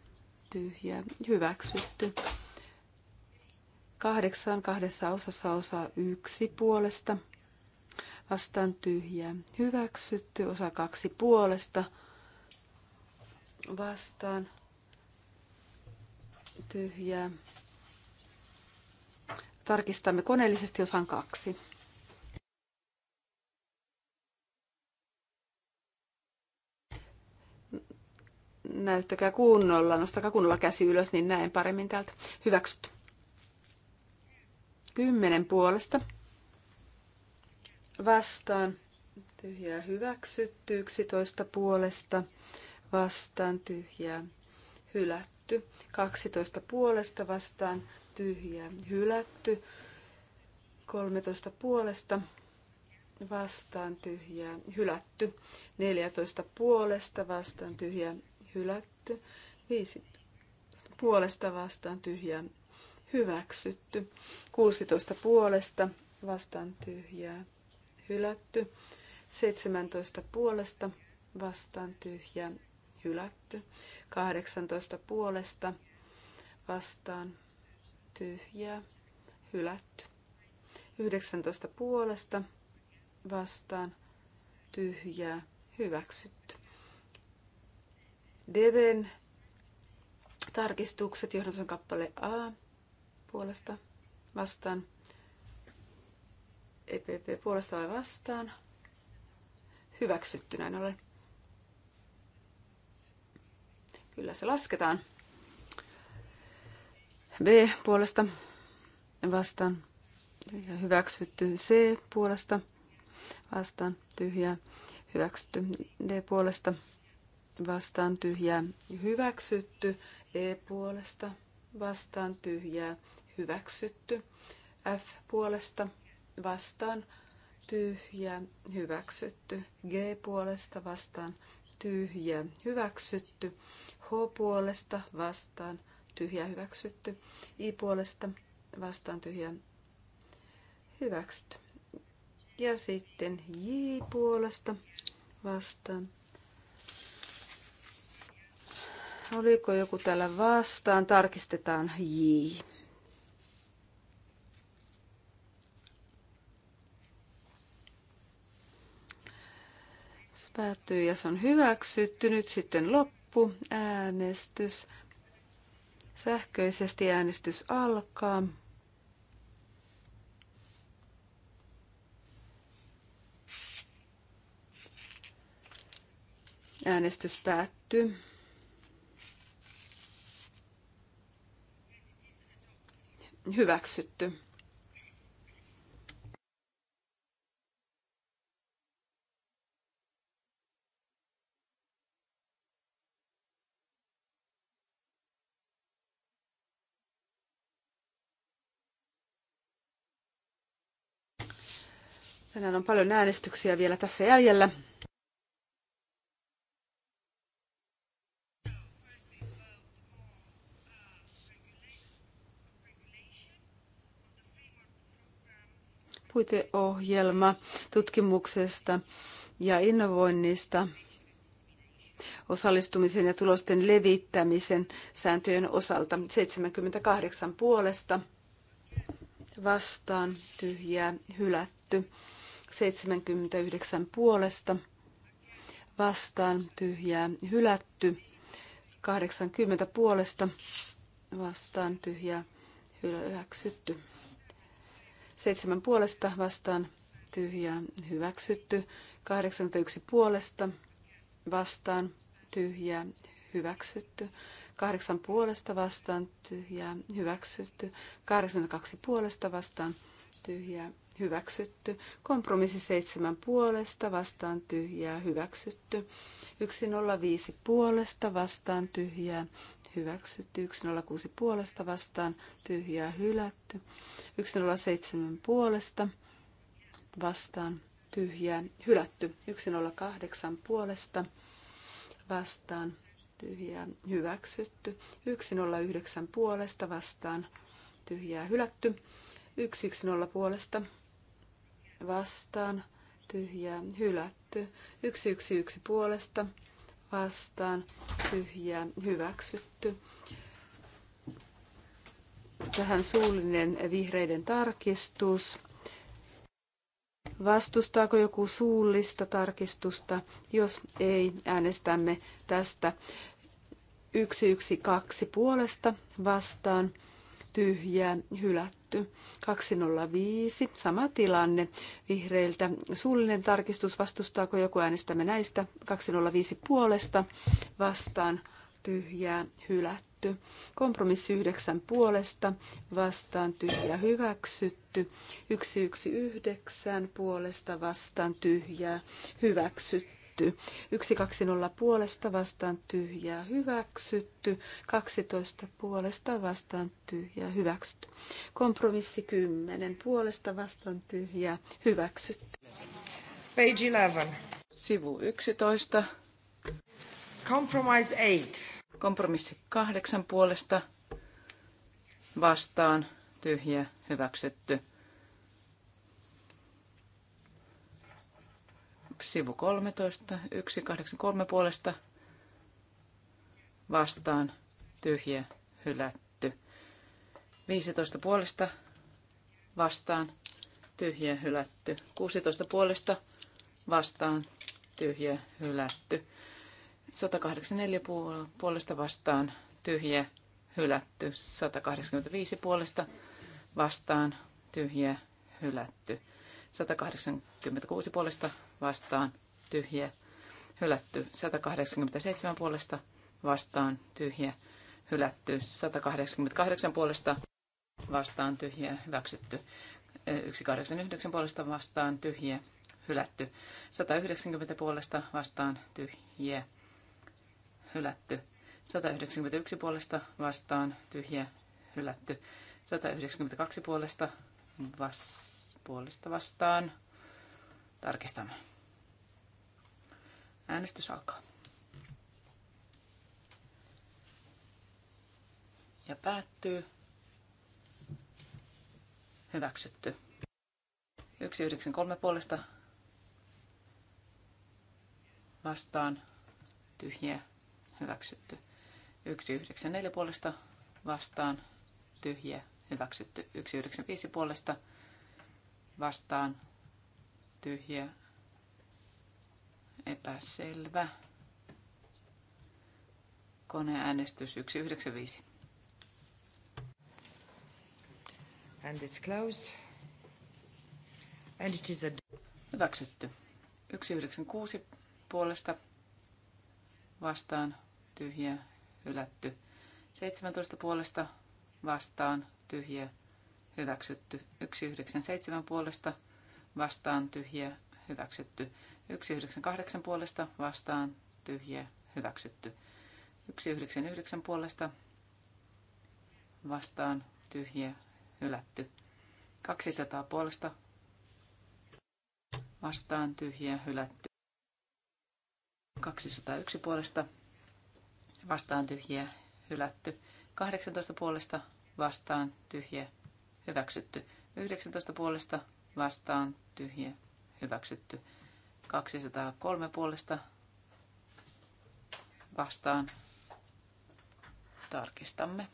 tyhjää hyväksytty. Kahdeksan kahdessa osassa osa yksi puolesta – vastaan tyhjää. Hyväksytty osa kaksi puolesta vastaan tyhjää. Tarkistamme koneellisesti osan kaksi. Näyttäkää kunnolla, nostakaa kunnolla käsi ylös, niin näen paremmin täältä. Hyväksytty. Kymmenen puolesta vastaan tyhjää hyväksytty, 11 puolesta vastaan tyhjää hylätty, 12 puolesta vastaan tyhjää hylätty, 13 puolesta vastaan tyhjää hylätty, 14 puolesta vastaan tyhjää hylätty, 5 puolesta vastaan tyhjää hyväksytty, 16 puolesta vastaan tyhjää hylätty. 17 puolesta vastaan tyhjä hylätty. 18 puolesta vastaan tyhjä hylätty. 19 puolesta vastaan tyhjää hyväksytty. Deven tarkistukset, johdanson kappale A puolesta vastaan EPP puolesta vai vastaan? Hyväksytty näin ollen. Kyllä se lasketaan. B puolesta vastaan. Tyhjä hyväksytty. C puolesta vastaan. Tyhjä hyväksytty. D puolesta vastaan. Tyhjä hyväksytty. E puolesta vastaan. Tyhjä hyväksytty. F puolesta vastaan tyhjä, hyväksytty. G puolesta vastaan tyhjä, hyväksytty. H puolesta vastaan tyhjä, hyväksytty. I puolesta vastaan tyhjä, hyväksytty. Ja sitten J puolesta vastaan. Oliko joku täällä vastaan? Tarkistetaan J. päättyy ja se on hyväksytty. Nyt sitten loppu, äänestys. Sähköisesti äänestys alkaa. Äänestys päättyy. Hyväksytty. Tänään on paljon äänestyksiä vielä tässä jäljellä. puiteohjelma tutkimuksesta ja innovoinnista, osallistumisen ja tulosten levittämisen sääntöjen osalta 78 puolesta vastaan tyhjää hylätty. 79 puolesta vastaan tyhjää hylätty. 80 puolesta vastaan tyhjää hyväksytty. 7 puolesta vastaan tyhjää hyväksytty. 81 puolesta vastaan tyhjää hyväksytty. 8 puolesta vastaan tyhjää hyväksytty. 82 puolesta vastaan tyhjää hyväksytty. Kompromissi seitsemän puolesta vastaan tyhjää hyväksytty. 105 puolesta vastaan tyhjää hyväksytty. 106 puolesta vastaan tyhjää hylätty. 107 puolesta vastaan tyhjää hylätty. 108 puolesta vastaan tyhjää hyväksytty. 109 puolesta vastaan tyhjää hylätty. 110 puolesta vastaan, tyhjää, hylätty. 111 puolesta vastaan, tyhjää, hyväksytty. Tähän suullinen vihreiden tarkistus. Vastustaako joku suullista tarkistusta? Jos ei, äänestämme tästä 112 puolesta vastaan, tyhjää, hylätty hylätty. 205, sama tilanne vihreiltä. Suullinen tarkistus, vastustaako joku äänestämme näistä? 205 puolesta vastaan tyhjää hylätty. Kompromissi 9 puolesta vastaan tyhjää hyväksytty. 119 puolesta vastaan tyhjää hyväksytty hylätty. 120 puolesta vastaan tyhjää hyväksytty. 12 puolesta vastaan tyhjää hyväksytty. Kompromissi 10 puolesta vastaan tyhjää hyväksytty. Page 11. Sivu 11. Compromise 8. Kompromissi 8 puolesta vastaan tyhjä hyväksytty. Sivu 13, 183 puolesta vastaan, tyhjä, hylätty. 15 puolesta vastaan, tyhjä, hylätty. 16 puolesta vastaan, tyhjä, hylätty. 184 puolesta vastaan, tyhjä, hylätty. 185 puolesta vastaan, tyhjä, hylätty. 186 puolesta vastaan tyhjä, hylätty. 187 puolesta vastaan tyhjä, hylätty. 188 puolesta vastaan tyhjä, hyväksytty. 189 puolesta vastaan tyhjä, hylätty. 190 puolesta vastaan tyhjä, hylätty. 191 puolesta vastaan tyhjä, hylätty. 192 puolesta vastaan puolesta vastaan. Tarkistamme. Äänestys alkaa. Ja päättyy. Hyväksytty. 193 puolesta vastaan. Tyhjiä. Hyväksytty. 194 puolesta vastaan. Tyhjiä. Hyväksytty. 195 puolesta vastaan tyhjä, epäselvä. Koneäänestys 195. And it's closed. And it is a... Hyväksytty. 196 puolesta vastaan tyhjä, hylätty. 17 puolesta vastaan tyhjä, hyväksytty. 197 puolesta vastaan tyhjä, hyväksytty. 198 puolesta vastaan tyhjä, hyväksytty. 199 puolesta vastaan tyhjä, hylätty. 200 puolesta vastaan tyhjä, hylätty. 201 puolesta vastaan tyhjä, hylätty. 18 puolesta vastaan tyhjä, hyväksytty. 19 puolesta vastaan tyhjä, hyväksytty. 203 puolesta vastaan tarkistamme.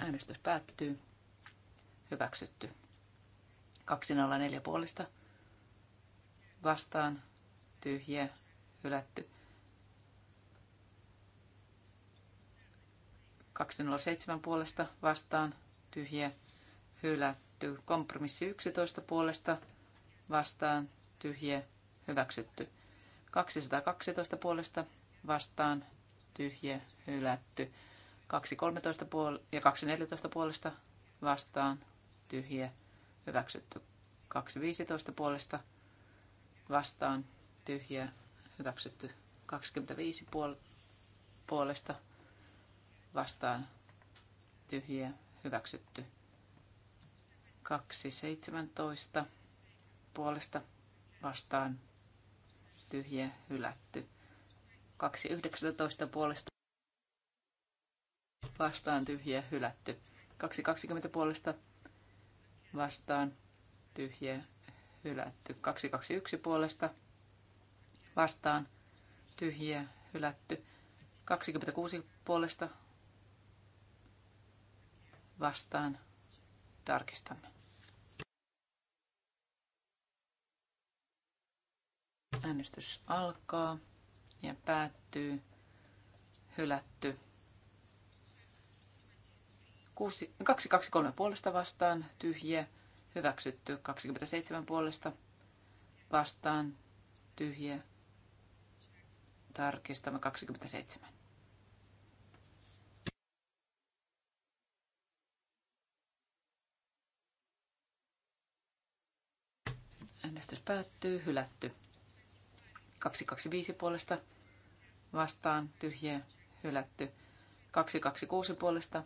Äänestys päättyy. Hyväksytty. 204 puolesta vastaan tyhjä, hylätty. 207 puolesta vastaan tyhjä hylätty. Kompromissi 11 puolesta vastaan tyhjä hyväksytty. 212 puolesta vastaan tyhjä hylätty. 213 puol- ja 214 puolesta vastaan tyhjä hyväksytty. 215 puolesta vastaan tyhjä hyväksytty. 25 puol- puolesta vastaan, vastaan tyhjiä hyväksytty. 2.17 puolesta vastaan tyhjiä hylätty. 2.19 puolesta vastaan tyhjiä hylätty. 2.20 puolesta vastaan tyhjiä hylätty. 221 puolesta vastaan tyhjiä hylätty. 26 puolesta vastaan tarkistamme. Äänestys alkaa ja päättyy. Hylätty. 223 puolesta vastaan, tyhjä, hyväksytty. 27 puolesta vastaan, tyhjä, tarkistamme 27. Äänestys päättyy. Hylätty. 225 puolesta vastaan. Tyhjä. Hylätty. 226 puolesta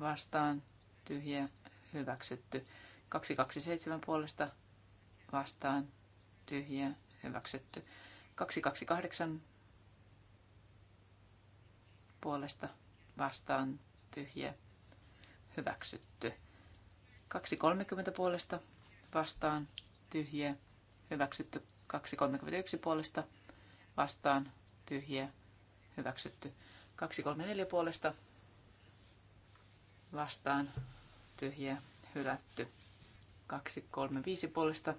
vastaan. Tyhjä. Hyväksytty. 227 puolesta vastaan. Tyhjä. Hyväksytty. 228 puolesta vastaan tyhjä, hyväksytty. 2.30 puolesta vastaan tyhjiä, hyväksytty 231 puolesta, vastaan tyhjiä, hyväksytty 234 puolesta, vastaan tyhjiä, hylätty 235 puolesta,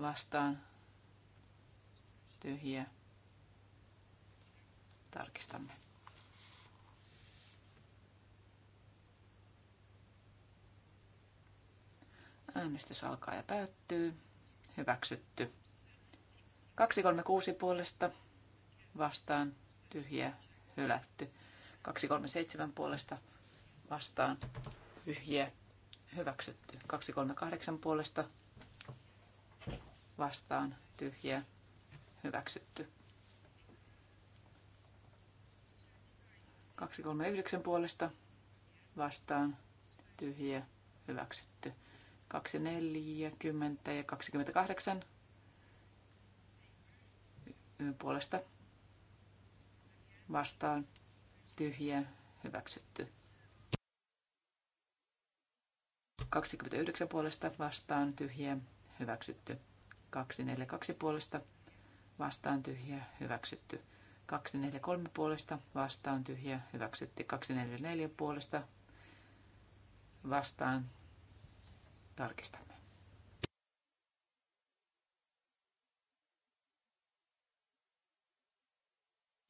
vastaan tyhjiä, tarkistamme. Äänestys alkaa ja päättyy. Hyväksytty. 236 puolesta vastaan tyhjä hylätty. 237 puolesta vastaan tyhjä hyväksytty. 238 puolesta vastaan tyhjä hyväksytty. 239 puolesta vastaan tyhjä hyväksytty. 240 ja 28 puolesta vastaan tyhjä hyväksytty. 29 puolesta vastaan tyhjä hyväksytty. 242 puolesta vastaan tyhjä hyväksytty. 243 puolesta vastaan tyhjä hyväksytty. 244 puolesta vastaan tarkistamme.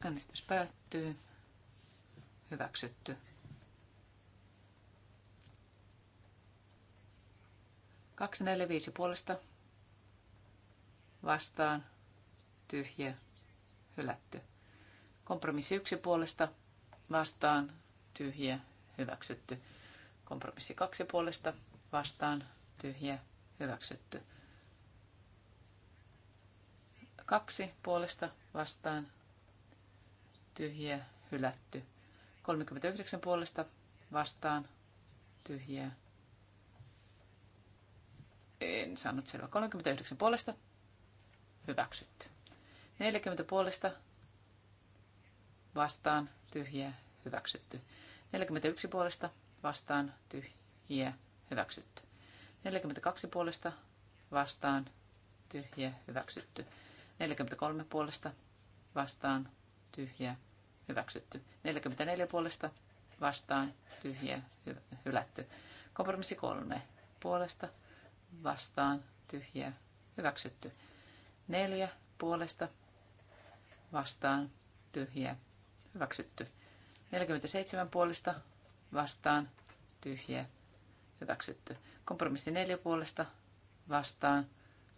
Äänestys päättyy. Hyväksytty. Kaksi, neljä, viisi puolesta. Vastaan. Tyhjä. Hylätty. Kompromissi yksi puolesta. Vastaan. Tyhjä. Hyväksytty. Kompromissi kaksi puolesta. Vastaan tyhjä, hyväksytty. Kaksi puolesta vastaan, tyhjä, hylätty. 39 puolesta vastaan, tyhjä. En saanut selvä. 39 puolesta, hyväksytty. 40 puolesta, vastaan, tyhjä, hyväksytty. 41 puolesta, vastaan, tyhjä, hyväksytty. 42 puolesta vastaan tyhjä hyväksytty. 43 puolesta vastaan tyhjä hyväksytty. 44 puolesta vastaan tyhjä hy- hylätty. Kompromissi 3 puolesta vastaan tyhjä hyväksytty. 4 puolesta vastaan tyhjä hyväksytty. 47 puolesta vastaan tyhjä hyväksytty. Kompromissi neljä puolesta vastaan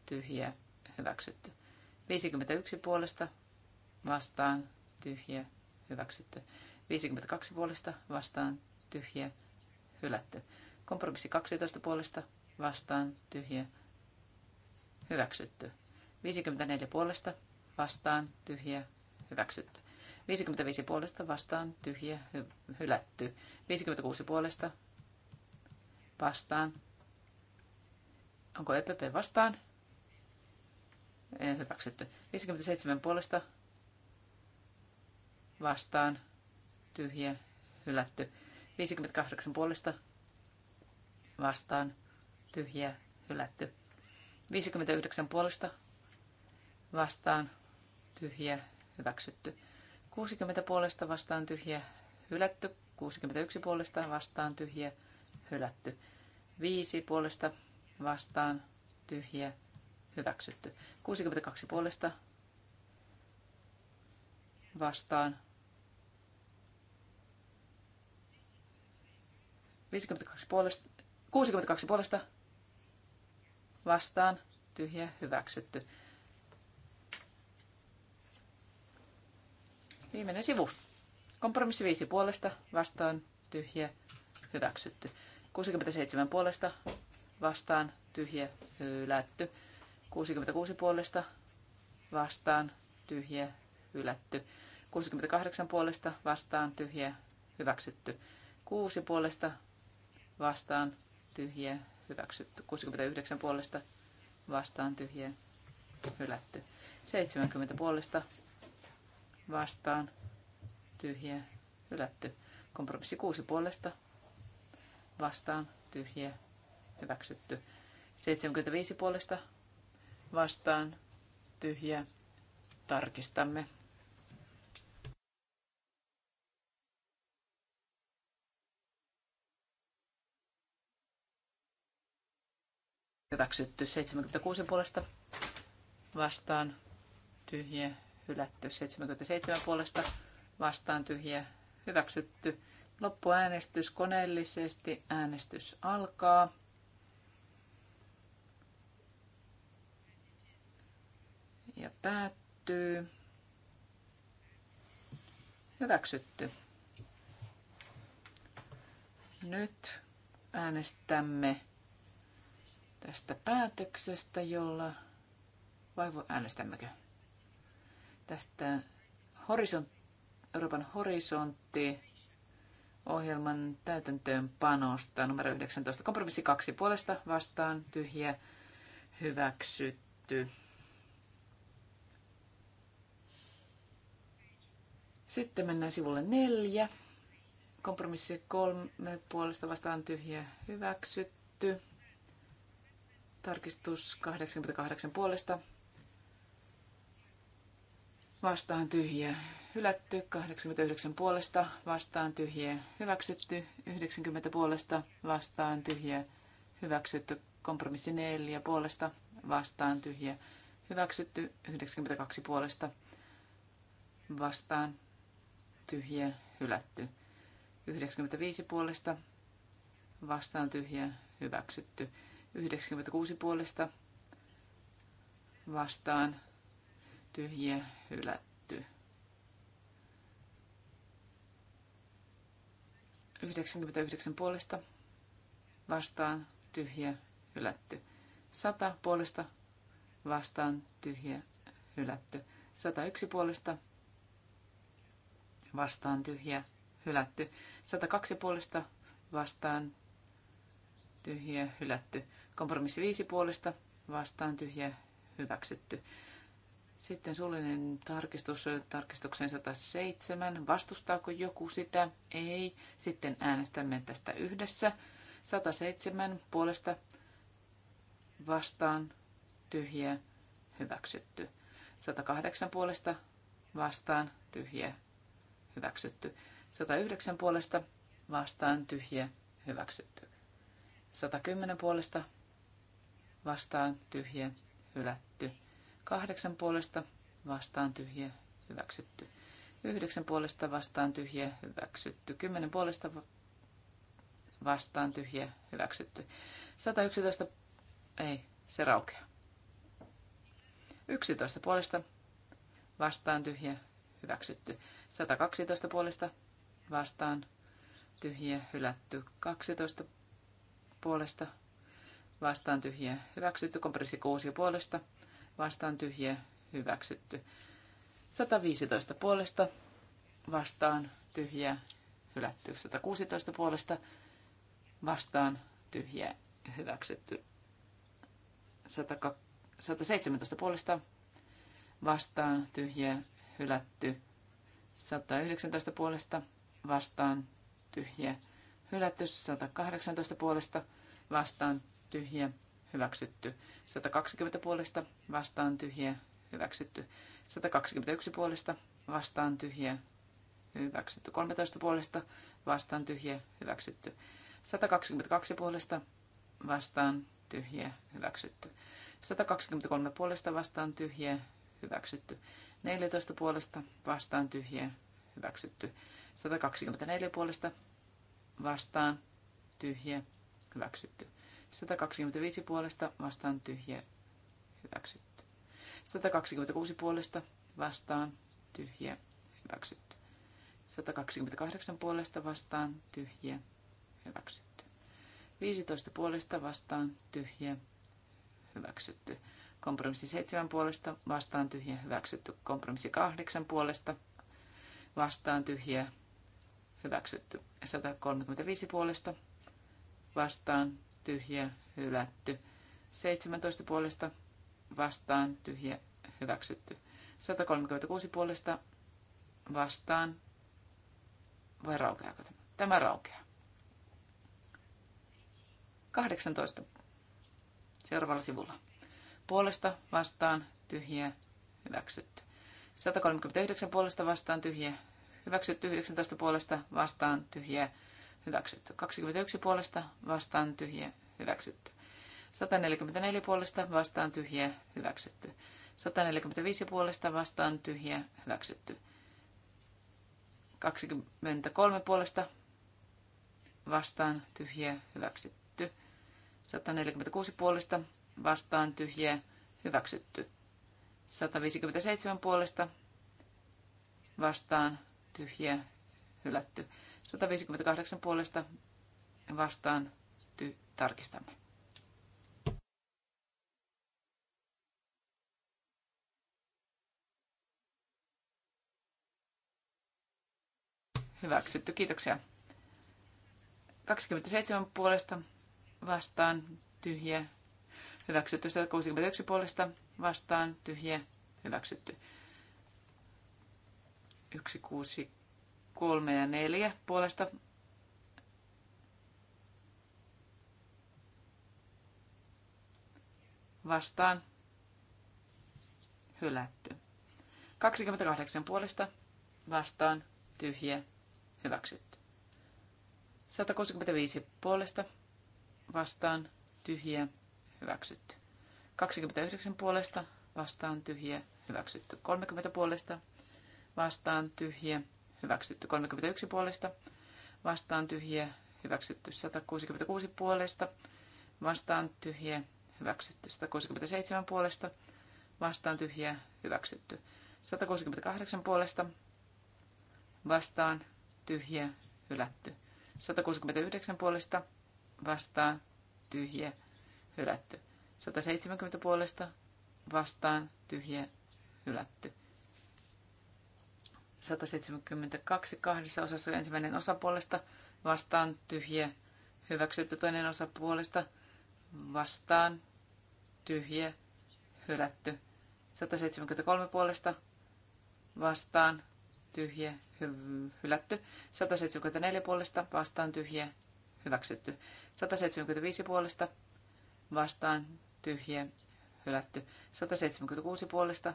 tyhjä hyväksytty. 51 puolesta vastaan tyhjä hyväksytty. 52 puolesta vastaan tyhjä hylätty. Kompromissi 12 puolesta vastaan tyhjä hyväksytty. 54 puolesta vastaan tyhjä hyväksytty. 55 puolesta vastaan tyhjä hy- hylätty. 56 puolesta vastaan. Onko EPP vastaan? Ei hyväksytty. 57 puolesta vastaan. Tyhjä, hylätty. 58 puolesta vastaan. Tyhjä, hylätty. 59 puolesta vastaan. Tyhjä, hyväksytty. 60 puolesta vastaan tyhjä, hylätty. 61 puolesta vastaan tyhjä, hylätty. Viisi puolesta vastaan tyhjä hyväksytty. 62 puolesta vastaan 52 puolesta, 62 puolesta vastaan tyhjä hyväksytty. Viimeinen sivu. Kompromissi 5 puolesta vastaan tyhjä hyväksytty. 67 puolesta vastaan tyhjä hylätty. 66 puolesta vastaan tyhjä hylätty. 68 puolesta vastaan tyhjä hyväksytty. 6 puolesta vastaan tyhjä hyväksytty. 69 puolesta vastaan tyhjä hylätty. 70 puolesta vastaan tyhjä hylätty. Kompromissi 6 puolesta vastaan tyhjä hyväksytty. 75 puolesta vastaan tyhjä tarkistamme. Hyväksytty 76 puolesta vastaan tyhjä hylätty 77 puolesta vastaan tyhjä hyväksytty Loppuäänestys koneellisesti. Äänestys alkaa. Ja päättyy. Hyväksytty. Nyt äänestämme tästä päätöksestä, jolla... Vai äänestämmekö? Tästä horisont, Euroopan horisontti ohjelman täytäntöönpanosta numero 19. Kompromissi kaksi puolesta vastaan tyhjä hyväksytty. Sitten mennään sivulle neljä. Kompromissi kolme puolesta vastaan tyhjä hyväksytty. Tarkistus 88 puolesta vastaan tyhjä hylätty, 89 puolesta vastaan tyhjiä hyväksytty, 90 puolesta vastaan tyhjiä hyväksytty, kompromissi 4 puolesta vastaan tyhjiä hyväksytty, 92 puolesta vastaan tyhjiä hylätty, 95 puolesta vastaan tyhjiä hyväksytty, 96 puolesta vastaan tyhjiä hylätty 99 puolesta vastaan tyhjä hylätty. 100 puolesta vastaan tyhjä hylätty. 101 puolesta vastaan tyhjä hylätty. 102 puolesta vastaan tyhjä hylätty. Kompromissi 5 puolesta vastaan tyhjä hyväksytty. Sitten suullinen tarkistus tarkistuksen 107. Vastustaako joku sitä? Ei. Sitten äänestämme tästä yhdessä. 107 puolesta vastaan tyhjä hyväksytty. 108 puolesta vastaan tyhjä hyväksytty. 109 puolesta vastaan tyhjä hyväksytty. 110 puolesta vastaan tyhjä hylätty. Kahdeksan puolesta vastaan tyhjä, hyväksytty. Yhdeksän puolesta vastaan tyhjä, hyväksytty. Kymmenen puolesta vastaan tyhjä, hyväksytty. 111, ei, se raukeaa. 11 puolesta vastaan tyhjä, hyväksytty. 112 puolesta vastaan tyhjä, hylätty. 12 puolesta vastaan tyhjä, hyväksytty. Kompressi 6 puolesta vastaan tyhjä hyväksytty. 115 puolesta vastaan tyhjä hylätty. 116 puolesta vastaan tyhjä hyväksytty. 117 puolesta vastaan tyhjä hylätty. 119 puolesta vastaan tyhjä hylätty. 118 puolesta vastaan tyhjä hyväksytty. 120 puolesta vastaan tyhjä, hyväksytty. 121 puolesta vastaan tyhjä, hyväksytty. 13 puolesta vastaan tyhjä, hyväksytty. 122 puolesta vastaan tyhjä, hyväksytty. 123 puolesta vastaan tyhjä, hyväksytty. 14 puolesta vastaan tyhjä, hyväksytty. 124 puolesta vastaan tyhjä, hyväksytty. 125 puolesta vastaan tyhjä hyväksytty. 126 puolesta vastaan tyhjä hyväksytty. 128 puolesta vastaan tyhjä hyväksytty. 15 puolesta vastaan tyhjä hyväksytty. Kompromissi 7 puolesta vastaan tyhjä hyväksytty. Kompromissi 8 puolesta vastaan tyhjä hyväksytty. 135 puolesta vastaan tyhjä, hylätty. 17 puolesta vastaan, tyhjä, hyväksytty. 136 puolesta vastaan, vai raukeako tämä? Tämä raukeaa. 18. Seuraavalla sivulla. Puolesta vastaan, tyhjä, hyväksytty. 139 puolesta vastaan, tyhjä, hyväksytty. 19 puolesta vastaan, tyhjä, hyväksytty hyväksytty. 21 puolesta vastaan tyhjä, hyväksytty. 144 puolesta vastaan tyhjä, hyväksytty. 145 puolesta vastaan tyhjä, hyväksytty. 23 puolesta vastaan tyhjä, hyväksytty. 146 puolesta vastaan tyhjä, hyväksytty. 157 puolesta vastaan tyhjä, hylätty. 158 puolesta vastaan ty- tarkistamme. Hyväksytty, kiitoksia. 27 puolesta vastaan tyhjä. Hyväksytty 161 puolesta vastaan tyhjä. Hyväksytty. 16 Kolme ja neljä puolesta vastaan hylätty. 28 puolesta vastaan tyhjä hyväksytty. 165 puolesta vastaan tyhjä hyväksytty. 29 puolesta vastaan tyhjä hyväksytty. 30 puolesta vastaan tyhjä hyväksytty 31 puolesta, vastaan tyhjiä, hyväksytty 166 puolesta, vastaan tyhjiä, hyväksytty 167 puolesta, vastaan tyhjiä, hyväksytty 168 puolesta, vastaan tyhjiä, hylätty 169 puolesta, vastaan tyhjiä, hylätty 170 puolesta, vastaan tyhjiä, hylätty 172 kahdessa osassa ensimmäinen osa puolesta vastaan tyhjä hyväksytty toinen osa puolesta vastaan tyhjä hylätty 173 puolesta vastaan tyhjä hy- hylätty 174 puolesta vastaan tyhjä hyväksytty 175 puolesta vastaan tyhjä hylätty 176 puolesta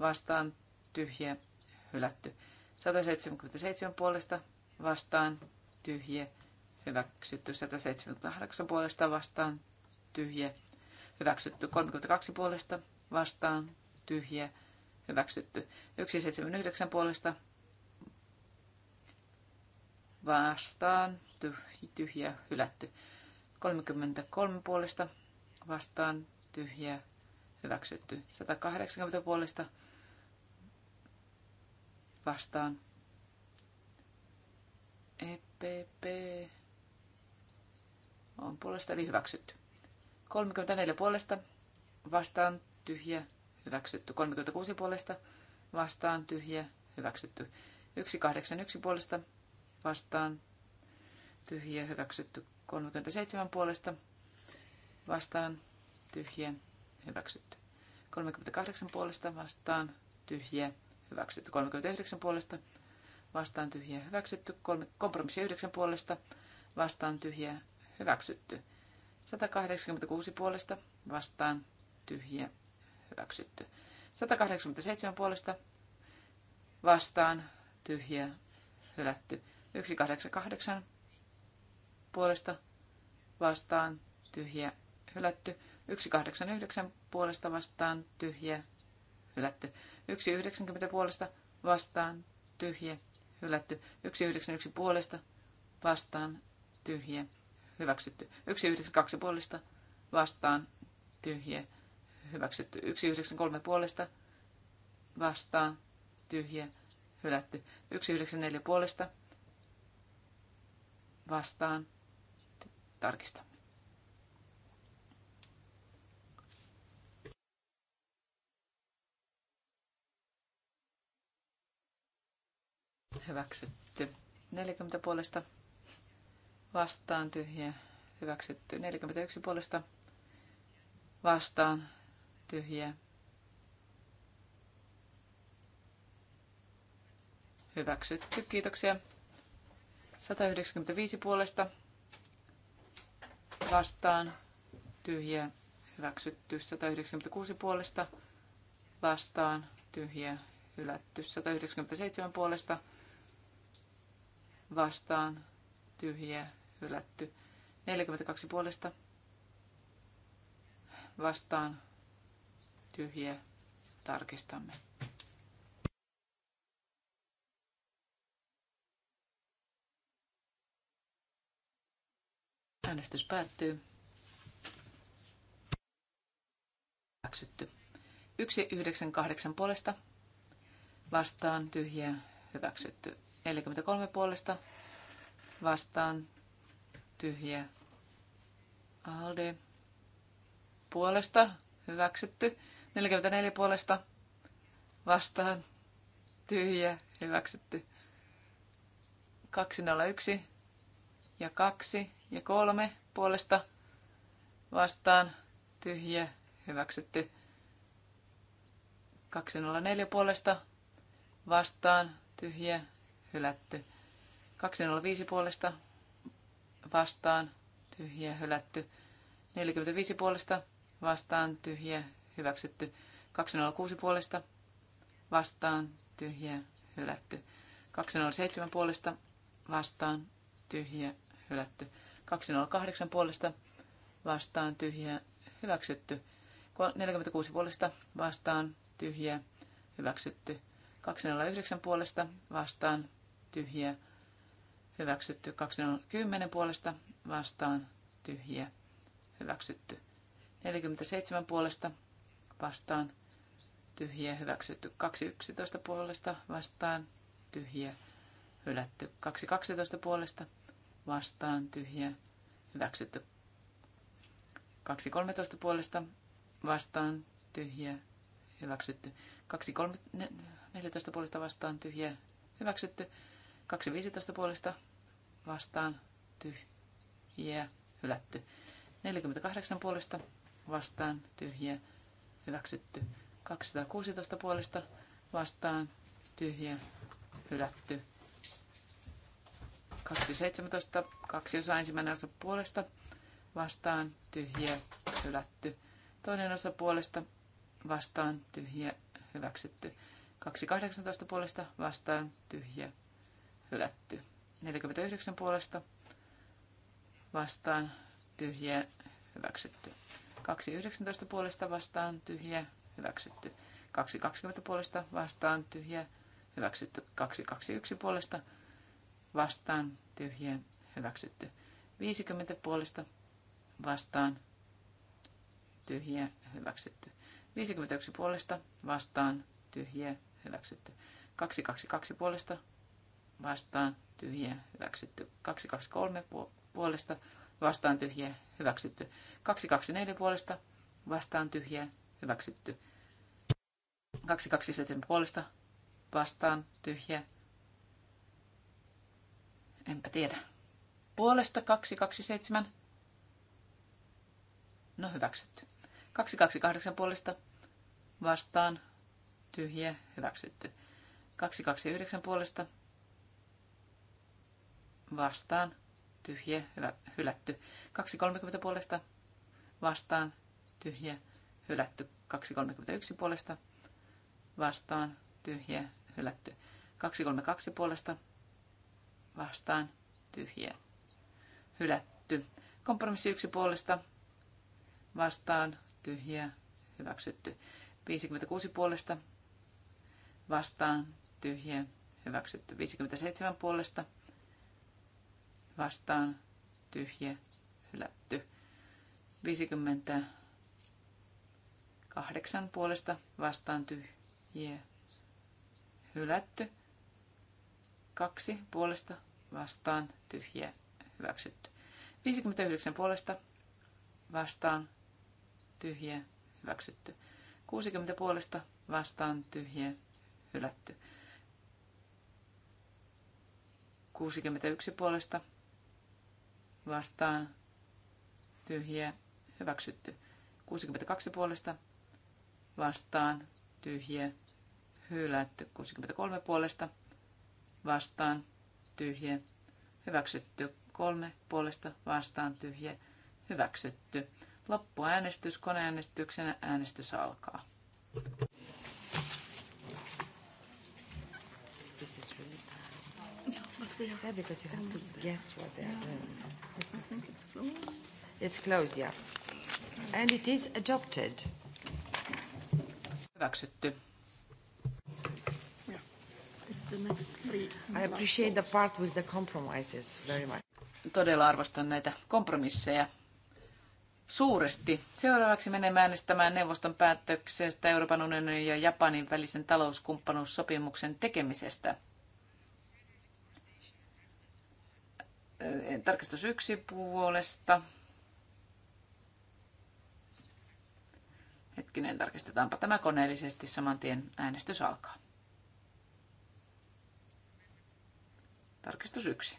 vastaan tyhjä hylätty. 177 puolesta vastaan tyhjä hyväksytty. 178 puolesta vastaan tyhjä hyväksytty. 32 puolesta vastaan tyhjä hyväksytty. 179 puolesta vastaan tyhjä hylätty. 33 puolesta vastaan tyhjä hyväksytty. 180 puolesta vastaan, vastaan. EPP on puolesta eli hyväksytty. 34 puolesta vastaan tyhjä hyväksytty. 36 puolesta vastaan tyhjä hyväksytty. 181 puolesta vastaan tyhjä hyväksytty. 37 puolesta vastaan tyhjä hyväksytty. 38 puolesta vastaan tyhjä hyväksytty 39 puolesta, vastaan tyhjä hyväksytty, kompromissi 9 puolesta, vastaan tyhjä hyväksytty, 186 puolesta, vastaan tyhjä hyväksytty, 187 puolesta, vastaan tyhjä hylätty, 188 puolesta, vastaan tyhjä hylätty, 189 puolesta vastaan tyhjä hylätty, 1,90 puolesta vastaan tyhjä hylätty. 1,91 puolesta vastaan tyhjä hyväksytty. 1,92 puolesta vastaan tyhjä hyväksytty. 1,93 puolesta vastaan tyhjä hylätty. 1,94 puolesta vastaan tarkistamme. hyväksytty. 40 puolesta vastaan tyhjä, hyväksytty. 41 puolesta vastaan tyhjä, hyväksytty. Kiitoksia. 195 puolesta vastaan tyhjä, hyväksytty. 196 puolesta vastaan tyhjä, hylätty. 197 puolesta vastaan vastaan tyhjiä hylätty. 42 puolesta vastaan tyhjiä tarkistamme. Äänestys päättyy. Hyväksytty. 198 puolesta vastaan tyhjä hyväksytty. 43 puolesta vastaan tyhjä. Alde puolesta hyväksytty. 44 puolesta vastaan tyhjä hyväksytty. 201 ja 2 ja 3 puolesta vastaan tyhjä hyväksytty. 204 puolesta vastaan tyhjä hylätty. 205 puolesta vastaan tyhjä hylätty. 45 puolesta vastaan tyhjä hyväksytty. 206 puolesta vastaan tyhjä hylätty. 207 puolesta vastaan tyhjä hylätty. 208 puolesta vastaan tyhjä hyväksytty. 46 puolesta vastaan tyhjä hyväksytty. 209 puolesta vastaan tyhjiä, hyväksytty. 210 puolesta vastaan, tyhjiä, hyväksytty. 47 puolesta vastaan, tyhjiä, hyväksytty. 211 puolesta vastaan, tyhjiä, hylätty. 212 puolesta vastaan, tyhjiä, hyväksytty. 2.13 puolesta vastaan tyhjä, hyväksytty. 2.14 puolesta vastaan tyhjä, hyväksytty. 2.15 puolesta vastaan tyhjiä hylätty. 48 puolesta vastaan tyhjiä hyväksytty. 216 puolesta vastaan tyhjiä hylätty. 217, kaksi osa ensimmäinen osa puolesta vastaan tyhjiä hylätty. Toinen osa puolesta vastaan tyhjiä hyväksytty. 218 puolesta vastaan tyhjiä hylätty. 49 puolesta vastaan tyhjä hyväksytty. 219 puolesta vastaan tyhjä hyväksytty. 220 puolesta vastaan tyhjä hyväksytty. 221 puolesta vastaan tyhjä hyväksytty. 50 puolesta vastaan tyhjä hyväksytty. 51 puolesta vastaan tyhjä hyväksytty. 222 puolesta vastaan tyhjä hyväksytty. 223 puolesta vastaan tyhjä hyväksytty. 224 puolesta vastaan tyhjä hyväksytty. 227 puolesta vastaan tyhjä. Enpä tiedä. Puolesta 227. No hyväksytty. 228 puolesta vastaan tyhjä hyväksytty. 229 puolesta vastaan, tyhjä, hyvä, hylätty. 2.30 puolesta vastaan, tyhjä, hylätty. 2.31 puolesta vastaan, tyhjä, hylätty. 2.32 puolesta vastaan, tyhjä, hylätty. Kompromissi 1 puolesta vastaan, tyhjä, hyväksytty. 56 puolesta vastaan, tyhjä, hyväksytty. 57 puolesta vastaan, vastaan tyhjä hylätty. 58 puolesta vastaan tyhjä hylätty. 2 puolesta vastaan tyhjä hyväksytty. 59 puolesta vastaan tyhjä hyväksytty. 60 puolesta vastaan tyhjä hylätty. 61 puolesta vastaan tyhjiä hyväksytty. 62 puolesta vastaan tyhjiä hylätty. 63 puolesta vastaan tyhjiä hyväksytty. 3 puolesta vastaan tyhjiä hyväksytty. Loppuäänestys koneäänestyksenä äänestys alkaa. we have... Yeah, because you have to um, guess what they are doing. I think it's closed. It's closed, yeah. And it is adopted. Hyväksytty. I appreciate the part with the compromises very much. Todella arvostan näitä kompromisseja suuresti. Seuraavaksi menemme äänestämään neuvoston päätöksestä Euroopan unionin ja Japanin välisen talouskumppanuussopimuksen tekemisestä. Tarkistus yksi puolesta. Hetkinen, tarkistetaanpa tämä koneellisesti saman tien äänestys alkaa. Tarkistus yksi.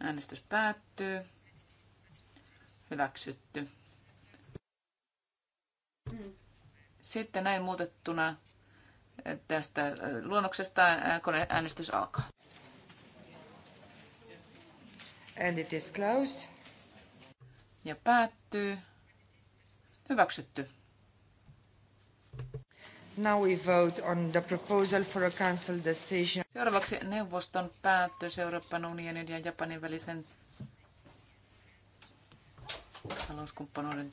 Äänestys päättyy. Hyväksytty. Mm. Sitten näin muutettuna tästä äh, luonnoksesta. Äh, Äänestys alkaa. And it is closed. Ja päättyy. Hyväksytty. Now we vote on the proposal for a council decision. Seuraavaksi neuvoston päätös Euroopan unionin ja Japanin välisen talouskumppanuuden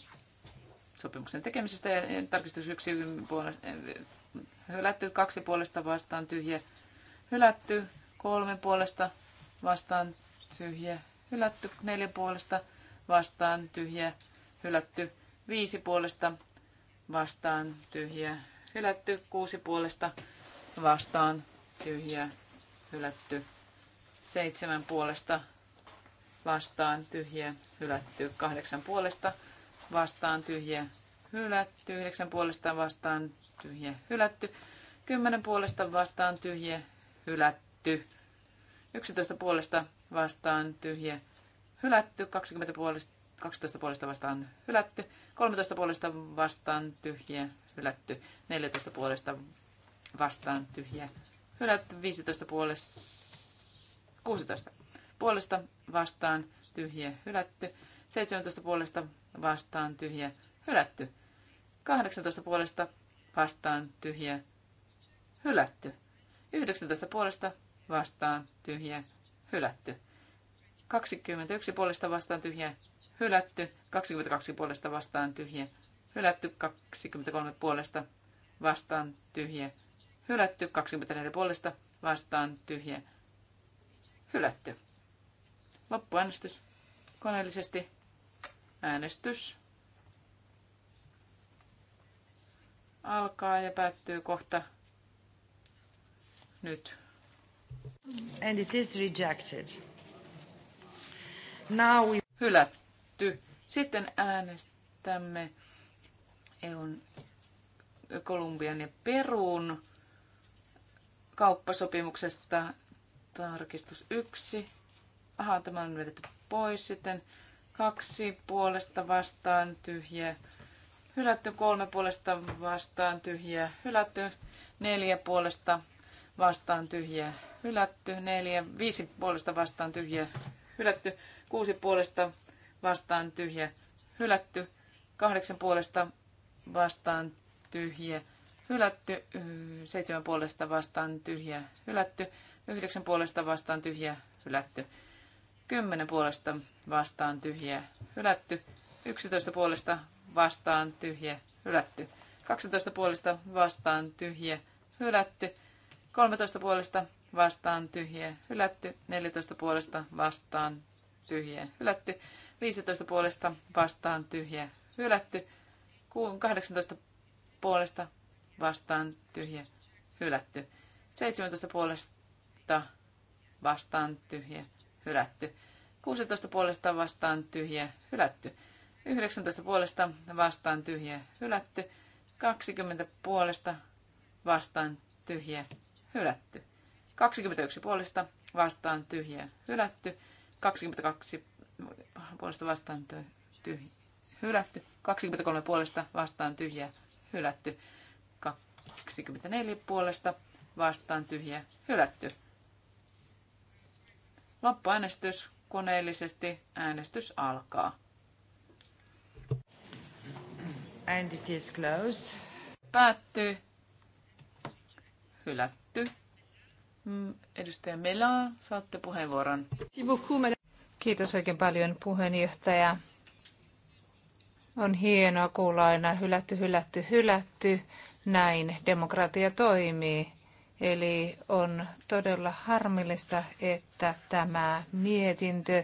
sopimuksen tekemisestä ja tarkistus yksi hylätty, kaksi puolesta vastaan tyhjä, hylätty, kolme puolesta vastaan tyhjä, hylätty, neljä puolesta vastaan tyhjä, hylätty, viisi puolesta vastaan tyhjä, hylätty, kuusi puolesta vastaan tyhjä, hylätty, seitsemän puolesta vastaan tyhjä, hylätty, kahdeksan puolesta vastaan tyhjä, hylätty, yhdeksän puolesta vastaan tyhjä hylätty. 10 puolesta vastaan tyhjä hylätty. 11 puolesta vastaan tyhjä hylätty. 20 puolesta 12 puolesta vastaan hylätty, 13 puolesta vastaan tyhjä hylätty, 14 puolesta vastaan tyhjä hylätty, 15 puolesta, 16 puolesta vastaan tyhjä hylätty, 17 puolesta vastaan tyhjä hylätty, 18 puolesta vastaan tyhjä, hylätty. 19 puolesta vastaan tyhjä, hylätty. 21 puolesta vastaan tyhjä, hylätty. 22 puolesta vastaan tyhjä, hylätty. 23 puolesta vastaan tyhjä, hylätty. 24 puolesta vastaan tyhjä, hylätty. Loppuäänestys koneellisesti. Äänestys alkaa ja päättyy kohta nyt. And it is rejected. Now we... Hylätty. Sitten äänestämme EUn, Kolumbian ja Perun kauppasopimuksesta tarkistus yksi. Aha, tämä on vedetty pois sitten. Kaksi puolesta vastaan tyhjä Hylätty kolme puolesta vastaan tyhjä. Hylätty neljä puolesta vastaan tyhjä. Hylätty neljä, viisi puolesta vastaan tyhjä. Hylätty kuusi puolesta vastaan tyhjä. Hylätty kahdeksan puolesta vastaan tyhjä. Hylätty mm, seitsemän puolesta vastaan tyhjä. Hylätty yhdeksän puolesta vastaan tyhjä. Hylätty kymmenen puolesta vastaan tyhjä. Hylätty yksitoista puolesta vastaan tyhjä hylätty. 12 puolesta vastaan tyhjä hylätty. 13 puolesta vastaan tyhjä hylätty. 14 puolesta vastaan tyhjä hylätty. 15 puolesta vastaan tyhjä hylätty. 18 puolesta vastaan tyhjä hylätty. 17 puolesta vastaan tyhjä hylätty. 16 puolesta vastaan tyhjä hylätty. 19 puolesta vastaan tyhjä hylätty. 20 puolesta vastaan tyhjä hylätty. 21 puolesta vastaan tyhjä hylätty. 22 puolesta vastaan tyhjä hylätty. 23 puolesta vastaan tyhjä hylätty. 24 puolesta vastaan tyhjä hylätty. Loppuäänestys koneellisesti. Äänestys alkaa. And it is closed. Päättyy. Hylätty. Mm, edustaja Mela, saatte puheenvuoron. Kiitos oikein paljon puheenjohtaja. On hienoa kuulla aina hylätty, hylätty, hylätty. Näin demokratia toimii. Eli on todella harmillista, että tämä mietintö,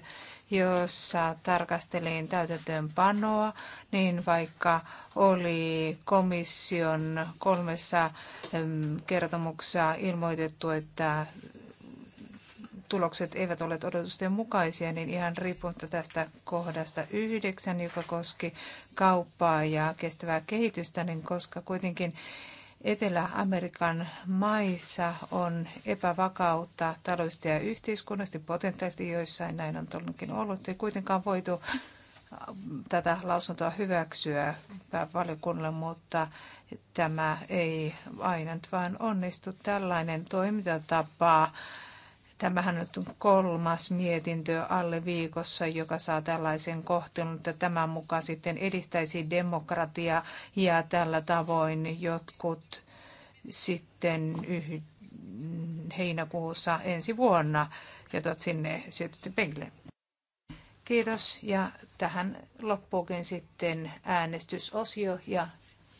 jossa tarkastelin täytäntöönpanoa, niin vaikka oli komission kolmessa kertomuksessa ilmoitettu, että tulokset eivät ole odotusten mukaisia, niin ihan riippumatta tästä kohdasta yhdeksän, joka koski kauppaa ja kestävää kehitystä, niin koska kuitenkin Etelä-Amerikan maissa on epävakautta taloudellisesti ja yhteiskunnallisesti, potentiaalisesti joissain näin on todellakin ollut. Ei kuitenkaan voitu äh, tätä lausuntoa hyväksyä valiokunnalle, mutta tämä ei aina nyt vaan onnistu. Tällainen toimintatapa Tämähän on kolmas mietintö alle viikossa, joka saa tällaisen kohtelun, että tämän mukaan sitten edistäisi demokratiaa ja tällä tavoin jotkut sitten yh- heinäkuussa ensi vuonna jätät sinne syötetty penkille. Kiitos ja tähän loppuukin sitten äänestysosio ja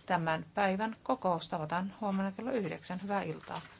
tämän päivän kokous tavataan huomenna kello yhdeksän. Hyvää iltaa.